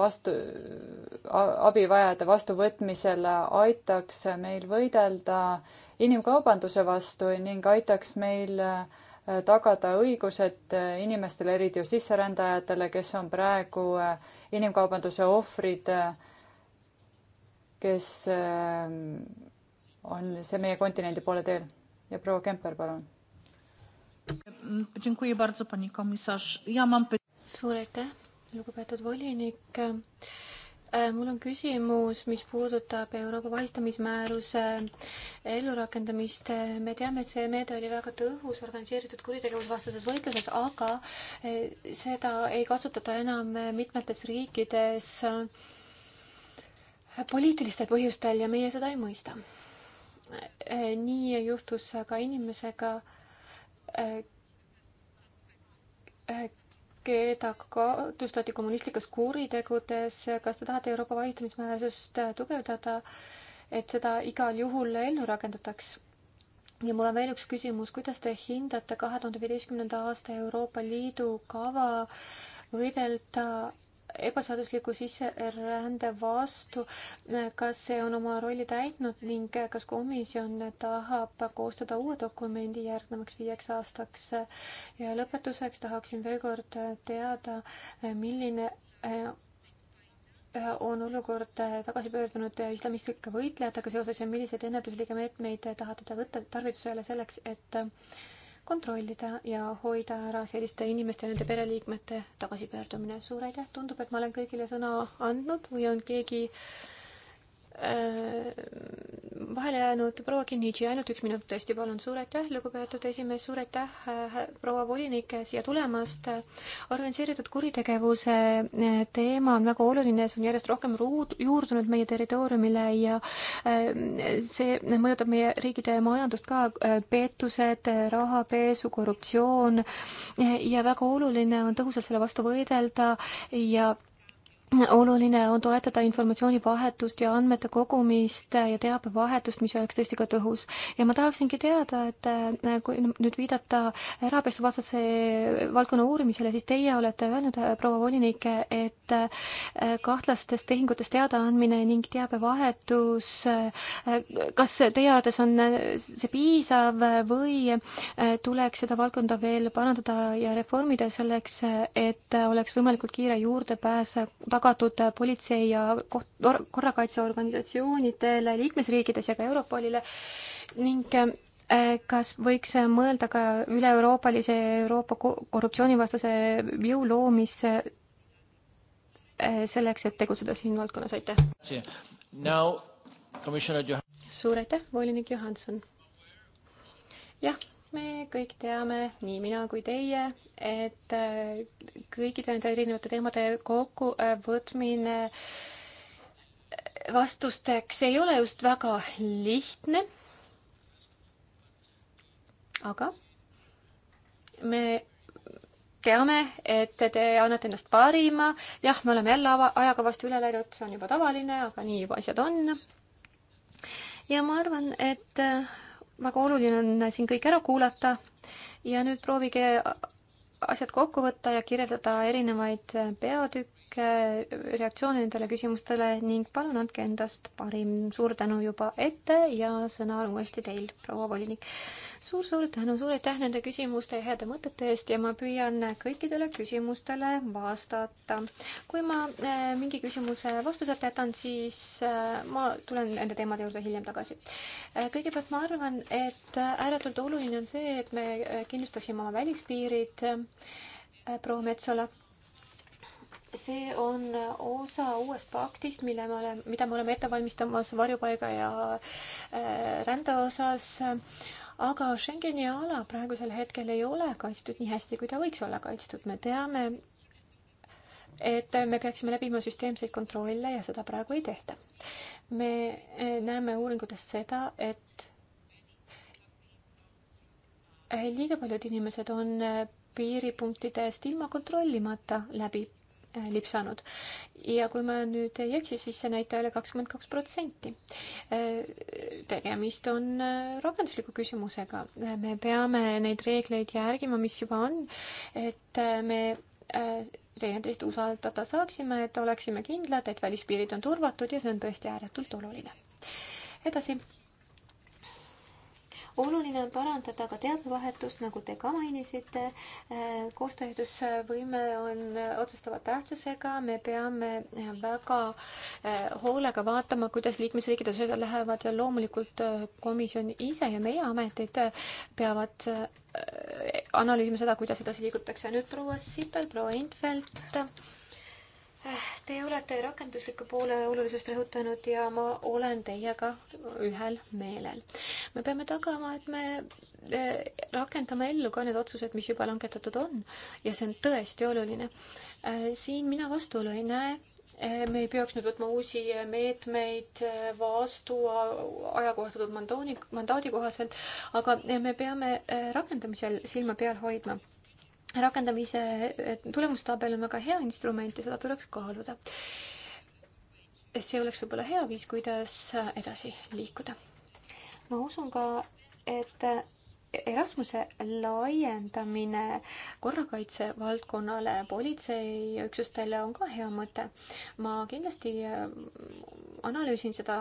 vastu, abivajajate vastuvõtmisel, aitaks meil võidelda inimkaubanduse vastu ning aitaks meil äh, tagada õigused inimestele, eriti just sisserändajatele, kes on praegu äh, inimkaubanduse ohvrid, äh, kes äh, on see meie kontinendi poole teel. ja proua Kemper, palun. suur aitäh, lugupeetud volinik Äh, mul on küsimus, mis puudutab Euroopa vahistamismääruse ellurakendamist. me teame, et see meede oli väga tõhus organiseeritud kuritegevusvastases võitluses, aga äh, seda ei kasutata enam mitmetes riikides äh, poliitilistel põhjustel ja meie seda ei mõista. nii juhtus ka inimesega keda kahtustati kommunistlikes kuritegudes, kas te tahate Euroopa vahistamismäärusest äh, tugevdada, et seda igal juhul ellu rakendataks? ja mul on veel üks küsimus, kuidas te hindate kahe tuhande viieteistkümnenda aasta Euroopa Liidu kava võidelda ebaseadusliku sisserände vastu. kas see on oma rolli täitnud ning kas komisjon tahab koostada uue dokumendi järgnevaks viieks aastaks? ja lõpetuseks tahaksin veel kord teada, milline äh, on olukord tagasi pöördunud islamistlike võitlejatega seoses ja milliseid ennetuslikke meetmeid tahate te võtta tarvitusele selleks, et kontrollida ja hoida ära selliste inimeste ja nende pereliikmete tagasipöördumine. suur aitäh, tundub, et ma olen kõigile sõna andnud või on keegi äh, Äh, vahele jäänud proua Kinnitši, ainult üks minut tõesti, palun, suur aitäh, lugupeetud esimees, suur aitäh, äh, proua volinik, siia tulemast. organiseeritud kuritegevuse äh, teema on väga oluline, see on järjest rohkem ruud-, juurdunud meie territooriumile ja see mõjutab meie riikide majandust ka, pettused, rahapesu, korruptsioon ja väga oluline on tõhusalt selle vastu võidelda ja oluline on toetada informatsioonivahetust ja andmete kogumist ja teabevahetust, mis oleks tõesti ka tõhus. ja ma tahaksingi teada, et äh, kui nüüd viidata rahapesuvastase valdkonna uurimisele, siis teie olete öelnud, äh, proua volinik, et äh, kahtlastest tehingutest teadaandmine ning teabevahetus, kas teie arvates on see piisav või tuleks seda valdkonda veel parandada ja reformida selleks, et oleks võimalikult kiire juurdepääs tagatud politsei ja koht-, korrakaitseorganisatsioonidele liikmesriikides ja ka Europolile ning äh, kas võiks mõelda ka üle-euroopalise Euroopa korruptsioonivastase jõu loomise äh, selleks, et tegutseda siin valdkonnas, aitäh! suur aitäh, volinik Johanson! jah me kõik teame, nii mina kui teie, et äh, kõikide nende erinevate teemade kokkuvõtmine äh, äh, vastusteks ei ole just väga lihtne. aga me teame, et te annate endast parima. jah, me oleme jälle ajakavast üle läinud, see on juba tavaline, aga nii juba asjad on. ja ma arvan, et väga oluline on siin kõik ära kuulata ja nüüd proovige asjad kokku võtta ja kirjeldada erinevaid peatükke võimalikke eh, reaktsioone nendele küsimustele ning palun andke endast parim. suur tänu juba ette ja sõna on uuesti teil, proua volinik suur,. suur-suur tänu, suur aitäh nende küsimuste ja heade mõtete eest ja ma püüan kõikidele küsimustele vastata. kui ma äh, mingi küsimuse vastuseta jätan, siis äh, ma tulen nende teemade juurde hiljem tagasi äh,. kõigepealt ma arvan, et ääretult oluline on see, et me kindlustaksime oma välispiirid proua Metsola see on osa uuest paktist, mille me oleme, mida me oleme ette valmistamas varjupaiga ja äh, rände osas. aga Schengeni ala praegusel hetkel ei ole kaitstud nii hästi, kui ta võiks olla kaitstud, me teame, et me peaksime läbima süsteemseid kontrolle ja seda praegu ei tehta. me äh, näeme uuringutest seda, et äh, liiga paljud inimesed on piiripunktidest ilma kontrollimata läbi Äh, lipsanud. ja kui ma nüüd ei eksi, siis see näitaja oli kakskümmend kaks protsenti. Äh, tegemist on äh, rakendusliku küsimusega. me peame neid reegleid järgima, mis juba on, et me teineteist usaldada saaksime, et oleksime kindlad, et välispiirid on turvatud ja see on tõesti ääretult oluline. edasi oluline on parandada ka teabevahetust, nagu te ka mainisite. Äh, koostööharidusvõime on otsustava tähtsusega, me peame väga äh, hoolega vaatama, kuidas liikmesriikides asjad lähevad ja loomulikult äh, komisjon ise ja meie ametid peavad analüüsima seda, kuidas edasi liigutakse. nüüd proua Sipel, proua Infeld Äh, te olete rakendusliku poole olulisust rõhutanud ja ma olen teiega ühel meelel. me peame tagama, et me äh, rakendame ellu ka need otsused, mis juba langetatud on ja see on tõesti oluline. Äh, siin mina vastuolu ei näe. me ei peaks nüüd võtma uusi meetmeid vastu ajakohastatud mandaadi, mandaadi kohaselt, aga me peame rakendamisel silma peal hoidma rakendamise tulemustabel on väga hea instrument ja seda tuleks kaaluda. see oleks võib-olla hea viis, kuidas edasi liikuda. ma usun ka, et Erasmuse laiendamine korrakaitse valdkonnale, politseiüksustele on ka hea mõte. ma kindlasti äh, analüüsin seda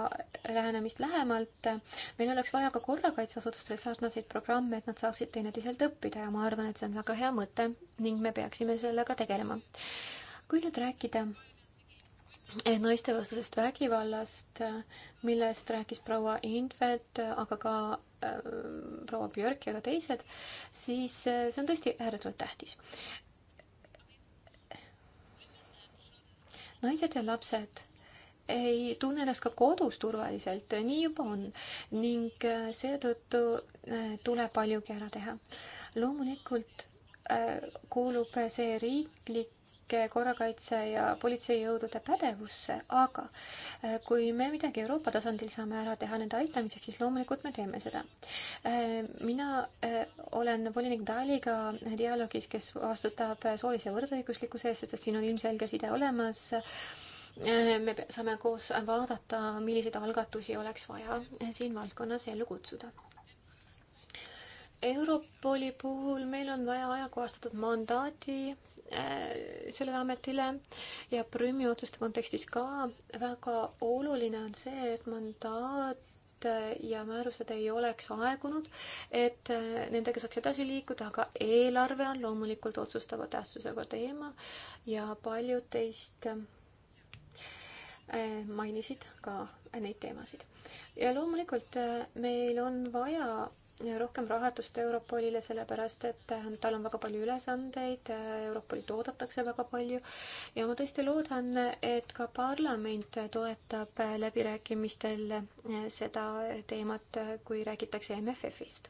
lähenemist lähemalt. meil oleks vaja ka korrakaitseasutustele sarnaseid programme, et nad saaksid teineteiselt õppida ja ma arvan, et see on väga hea mõte ning me peaksime sellega tegelema. kui nüüd rääkida Eh, naistevastasest vägivallast, millest rääkis proua Infeld, aga ka äh, proua Björk ja ka teised, siis eh, see on tõesti ääretult tähtis. naised ja lapsed ei tunne ennast ka kodus turvaliselt, nii juba on ning seetõttu tuleb paljugi ära teha. loomulikult äh, kuulub see riiklik kodanike, korrakaitse ja politseijõudude pädevusse, aga äh, kui me midagi Euroopa tasandil saame ära teha nende aitamiseks, siis loomulikult me teeme seda. Äh, mina äh, olen volinik Daliga dialoogis, kes vastutab soolise võrdõiguslikkuse eest, sest et siin on ilmselge side olemas me saame koos vaadata, milliseid algatusi oleks vaja siin valdkonnas ellu kutsuda. Europoli puhul meil on vaja ajakohastatud mandaati Äh, sellele ametile ja Prümi otsuste kontekstis ka väga oluline on see, et mandaat äh, ja määrused ei oleks aegunud, et äh, nendega saaks edasi liikuda, aga eelarve on loomulikult otsustava tähtsusega teema ja paljud teist mainisid ka neid teemasid. ja loomulikult meil on vaja rohkem rahastust Europolile, sellepärast et äh, tal on väga palju ülesandeid, äh, Europolit oodatakse väga palju ja ma tõesti loodan, et ka parlament toetab äh, läbirääkimistel seda teemat, kui räägitakse MFF-ist.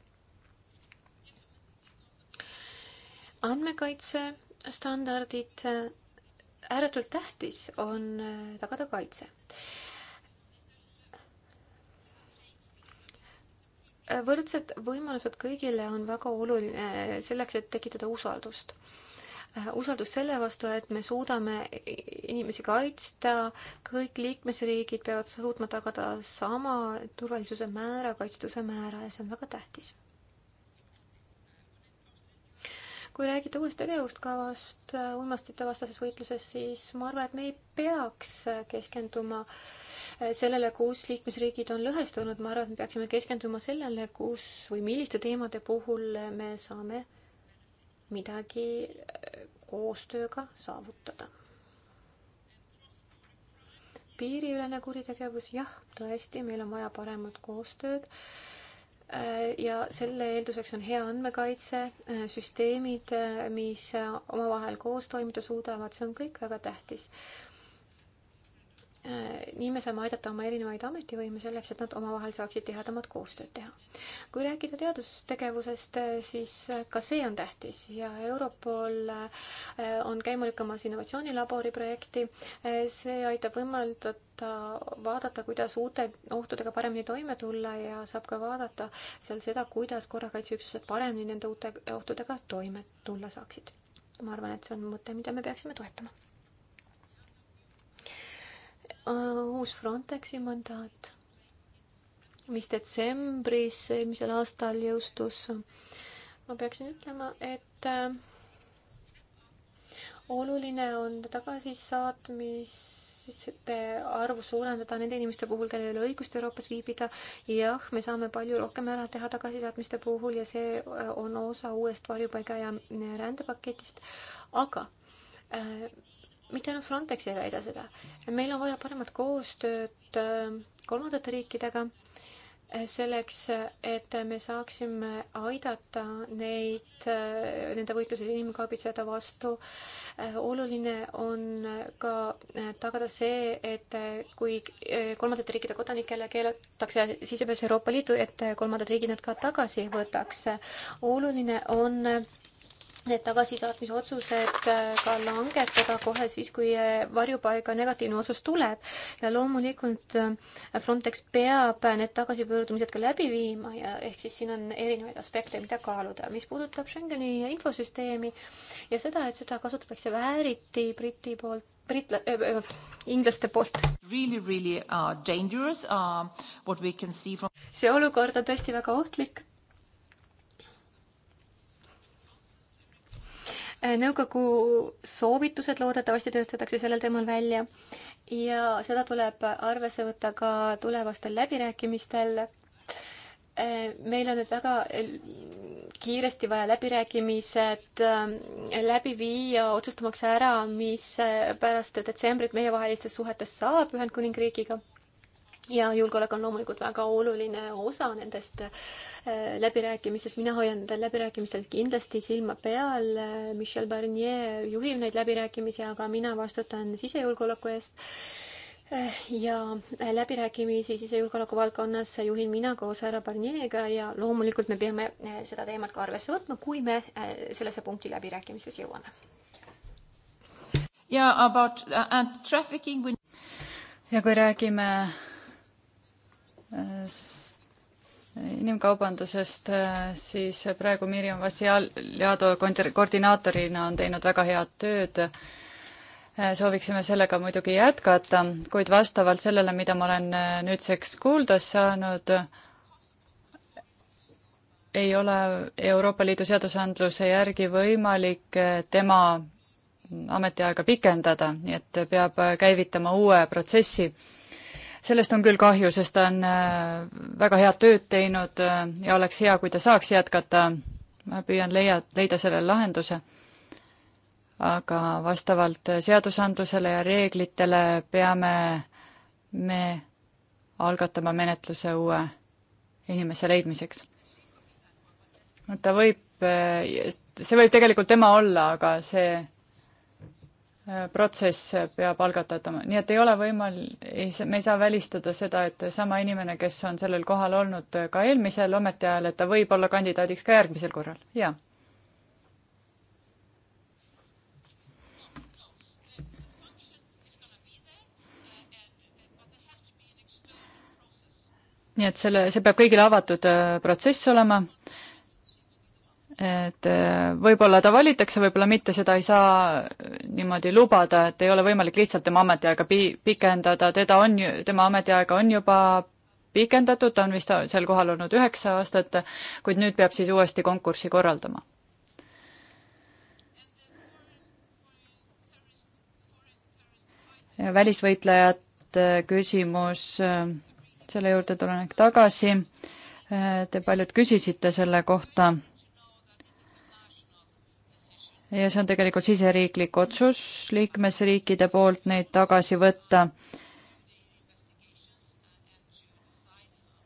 andmekaitsestandardid, ääretult tähtis on tagada kaitse võrdsed võimalused kõigile on väga oluline selleks, et tekitada usaldust. Äh, usaldust selle vastu, et me suudame inimesi kaitsta, kõik liikmesriigid peavad suutma tagada sama turvalisuse määra, kaitstuse määra ja see on väga tähtis kui räägida uuest tegevuskavast äh, uimastite vastases võitluses, siis ma arvan, et me ei peaks keskenduma äh, sellele, kus liikmesriigid on lõhestunud, ma arvan, et me peaksime keskenduma sellele, kus või milliste teemade puhul me saame midagi äh, koostööga saavutada. piiriülene kuritegevus, jah, tõesti, meil on vaja paremat koostööd äh, ja selle eelduseks on hea andmekaitse, äh, süsteemid, mis omavahel koos toimida suudavad, see on kõik väga tähtis nii me saame aidata oma erinevaid ametivõime selleks, et nad omavahel saaksid tihedamat koostööd teha. kui rääkida teadustegevusest, siis ka see on tähtis ja Europol äh, on käima lükkamas innovatsioonilabori projekti. Äh, see aitab võimaldada vaadata, kuidas uute ohtudega paremini toime tulla ja saab ka vaadata seal seda, kuidas korrakaitseüksused paremini nende uute ohtudega toime tulla saaksid. ma arvan, et see on mõte, mida me peaksime toetama Äh, uus Frontexi mandaat, mis detsembris eelmisel aastal jõustus. ma peaksin ütlema, et äh, oluline on tagasisaatmis sissete arvu suurendada nende inimeste puhul, kellel ei ole õigust Euroopas viibida. jah, me saame palju rohkem ära teha tagasisaatmiste puhul ja see äh, on osa uuest varjupaiga ja rändepaketist, aga äh, mitte ainult Frontex ei väida seda, meil on vaja paremat koostööd äh, kolmandate riikidega äh, selleks, äh, et me saaksime aidata neid, nende võitluses inimkaubitsejate vastu. oluline on ka tagada see, et kui kolmandate riikide kodanikele keelatakse sisepääs Euroopa Liidu, et kolmandad riigid nad ka tagasi võtaks. oluline on need tagasisaatmise otsused äh, ka langetada kohe siis, kui äh, varjupaiga negatiivne otsus tuleb. ja loomulikult äh, Frontex peab need tagasipöördumised ka läbi viima ja ehk siis siin on erinevaid aspekte, mida kaaluda. mis puudutab Schengeni infosüsteemi ja seda, et seda kasutatakse vääriti Briti poolt, britla- äh,, inglaste poolt. Really, really uh, dangerous uh, what we can see from see olukord on tõesti väga ohtlik Äh, nõukogu soovitused loodetavasti töötatakse sellel teemal välja ja seda tuleb arvesse võtta ka tulevastel läbirääkimistel. Äh, meil on nüüd väga äh, kiiresti vaja läbirääkimised läbi viia, otsustamaks ära, mis pärast detsembrit meievahelistes suhetes saab Ühendkuningriigiga ja julgeolek on loomulikult väga oluline osa nendest äh, läbirääkimistest, mina hoian nendel läbirääkimistel kindlasti silma peal, Michel Barnier juhib neid läbirääkimisi, aga mina vastutan sisejulgeoleku eest. Äh, ja läbirääkimisi sisejulgeoleku valdkonnas juhin mina koos härra Barnieriga ja loomulikult me peame äh, seda teemat ka arvesse võtma, kui me sellesse punkti läbirääkimistes jõuame. ja about uh, trafficking. ja kui räägime inimkaubandusest, siis praegu Mirjam Vassiljado koordinaatorina on teinud väga head tööd. sooviksime sellega muidugi jätkata, kuid vastavalt sellele, mida ma olen nüüdseks kuulda saanud, ei ole Euroopa Liidu seadusandluse järgi võimalik tema ametiaega pikendada, nii et peab käivitama uue protsessi sellest on küll kahju, sest ta on äh, väga head tööd teinud äh, ja oleks hea, kui ta saaks jätkata. ma püüan leia, leida sellele lahenduse. aga vastavalt seadusandlusele ja reeglitele peame me algatama menetluse uue inimese leidmiseks. ta võib, äh, see võib tegelikult tema olla, aga see Äh, protsess peab algatatama, nii et ei ole võimal-, ei, me ei saa välistada seda, et sama inimene, kes on sellel kohal olnud ka eelmisel ametiajal, et ta võib olla kandidaadiks ka järgmisel korral, jaa. nii et selle, see peab kõigile avatud äh, protsess olema et äh, võib-olla ta valitakse, võib-olla mitte, seda ei saa äh, niimoodi lubada, et ei ole võimalik lihtsalt tema ametiaega pi-, pikendada, teda on ju, tema ametiaega on juba pikendatud, ta on vist seal kohal olnud üheksa aastat, kuid nüüd peab siis uuesti konkursi korraldama. välisvõitlejate äh, küsimus, selle juurde tulen tagasi, te paljud küsisite selle kohta ja see on tegelikult siseriiklik otsus liikmesriikide poolt neid tagasi võtta.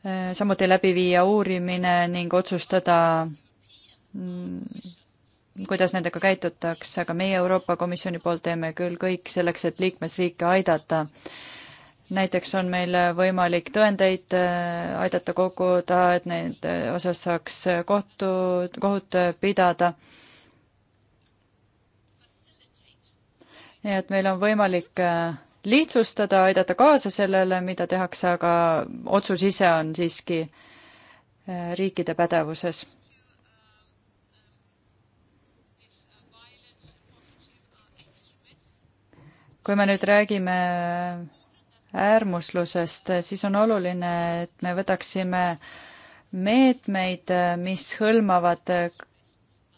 Äh, samuti läbi viia uurimine ning otsustada, mm, kuidas nendega käitutakse, aga meie Euroopa Komisjoni poolt teeme küll kõik selleks, et liikmesriike aidata. näiteks on meil võimalik tõendeid äh, aidata koguda, et need äh, osas saaks kohtu, kohut pidada nii et meil on võimalik äh, lihtsustada, aidata kaasa sellele, mida tehakse, aga otsus ise on siiski äh, riikide pädevuses. kui me nüüd räägime äh, äärmuslusest, siis on oluline, et me võtaksime meetmeid, mis hõlmavad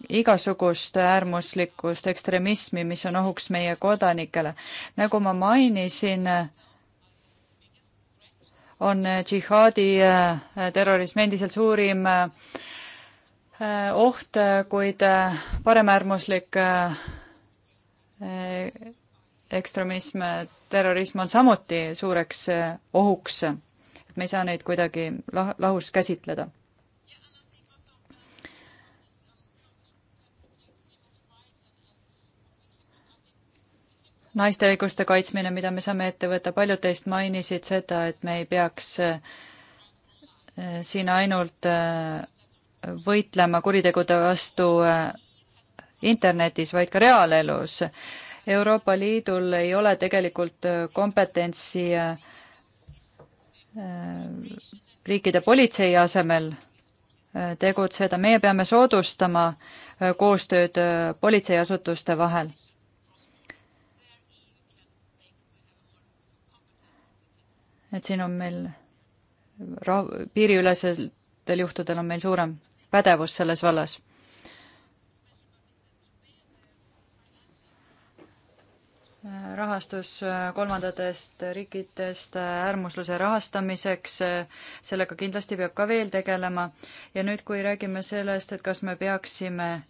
igasugust äärmuslikkust, ekstremismi, mis on ohuks meie kodanikele. nagu ma mainisin, on džihaadi äh, terrorism endiselt suurim äh, oht, kuid äh, paremäärmuslik ekstremism, terrorism on samuti suureks ohuks, et me ei saa neid kuidagi lah-, lahus käsitleda. naiste õiguste kaitsmine, mida me saame ette võtta, paljud teist mainisid seda, et me ei peaks äh, siin ainult äh, võitlema kuritegude vastu äh, internetis, vaid ka reaalelus. Euroopa Liidul ei ole tegelikult kompetentsi riikide politsei asemel tegutseda, meie peame soodustama koostööd politseiasutuste vahel et siin on meil ra-, piiriülesetel juhtudel on meil suurem pädevus selles vallas. rahastus kolmandatest riikidest äärmusluse rahastamiseks, sellega kindlasti peab ka veel tegelema ja nüüd, kui räägime sellest, et kas me peaksime äh,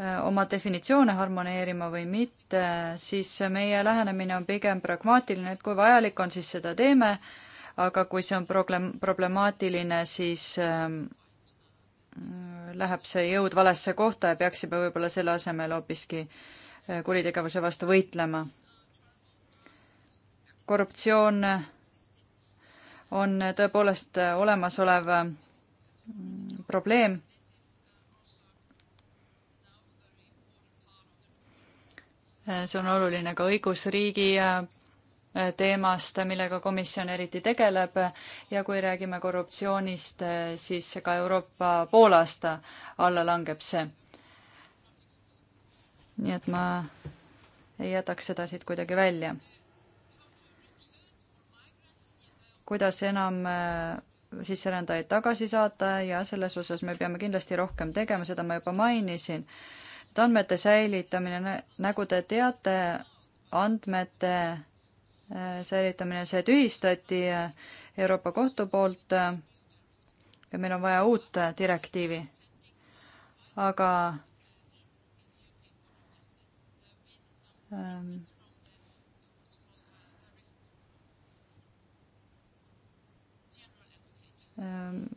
Äh, oma definitsioone harmoneerima või mitte, siis meie lähenemine on pigem pragmaatiline, et kui vajalik on, siis seda teeme, aga kui see on proble-, problemaatiline, siis ähm, äh, läheb see jõud valesse kohta ja peaksime võib-olla selle asemel hoopiski äh, kuritegevuse vastu võitlema. korruptsioon on tõepoolest olemasolev mm, probleem see on oluline ka õigusriigi äh, teemast, millega komisjon eriti tegeleb ja kui räägime korruptsioonist, äh, siis ka Euroopa poolaasta alla langeb see. nii et ma ei jätaks seda siit kuidagi välja. kuidas enam äh, sisserändajaid tagasi saata ja selles osas me peame kindlasti rohkem tegema, seda ma juba mainisin et andmete säilitamine, nagu te teate, andmete äh, säilitamine, see tühistati äh, Euroopa Kohtu poolt äh, ja meil on vaja uut direktiivi. aga ähm, ähm,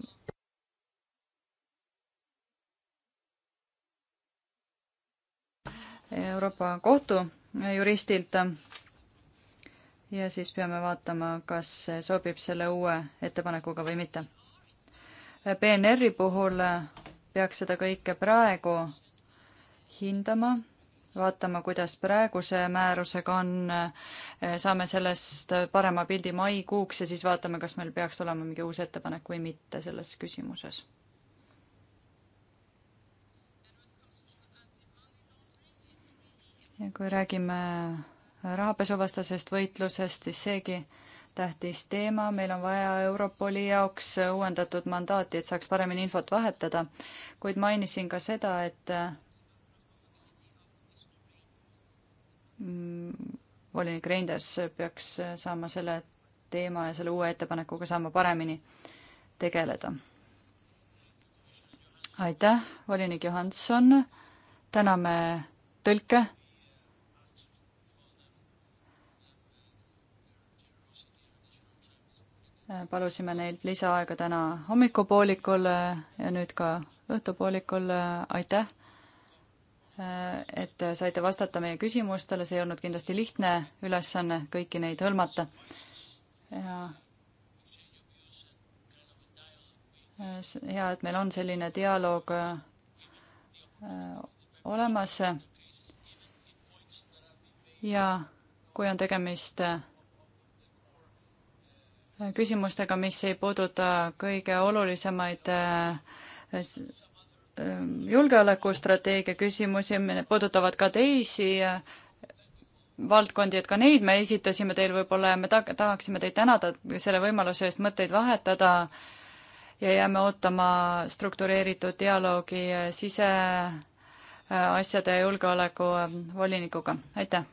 Euroopa Kohtu juristilt ja siis peame vaatama, kas see sobib selle uue ettepanekuga või mitte. PNR-i puhul peaks seda kõike praegu hindama, vaatama, kuidas praeguse määrusega on, saame sellest parema pildi maikuuks ja siis vaatame, kas meil peaks olema mingi uus ettepanek või mitte selles küsimuses ja kui räägime rahapesuvastasest võitlusest, siis seegi tähtis teema, meil on vaja Europoli jaoks uuendatud mandaati, et saaks paremini infot vahetada, kuid mainisin ka seda, et mm, volinik Reinders peaks saama selle teema ja selle uue ettepanekuga saama paremini tegeleda. aitäh, volinik Johanson, täname tõlke palusime neilt lisaaega täna hommikupoolikul äh, ja nüüd ka õhtupoolikul, äh, aitäh, äh, et saite vastata meie küsimustele, see ei olnud kindlasti lihtne ülesanne kõiki neid hõlmata. ja hea, et meil on selline dialoog olemas. ja kui on tegemist küsimustega, mis ei puuduta kõige olulisemaid äh, ähm, julgeolekustrateegia küsimusi, puudutavad ka teisi äh, valdkondi, et ka neid me esitasime teil võib-olla ja me ta-, tahaksime teid tänada selle võimaluse eest mõtteid vahetada ja jääme ootama struktureeritud dialoogi äh, siseasjade ja julgeoleku volinikuga, aitäh!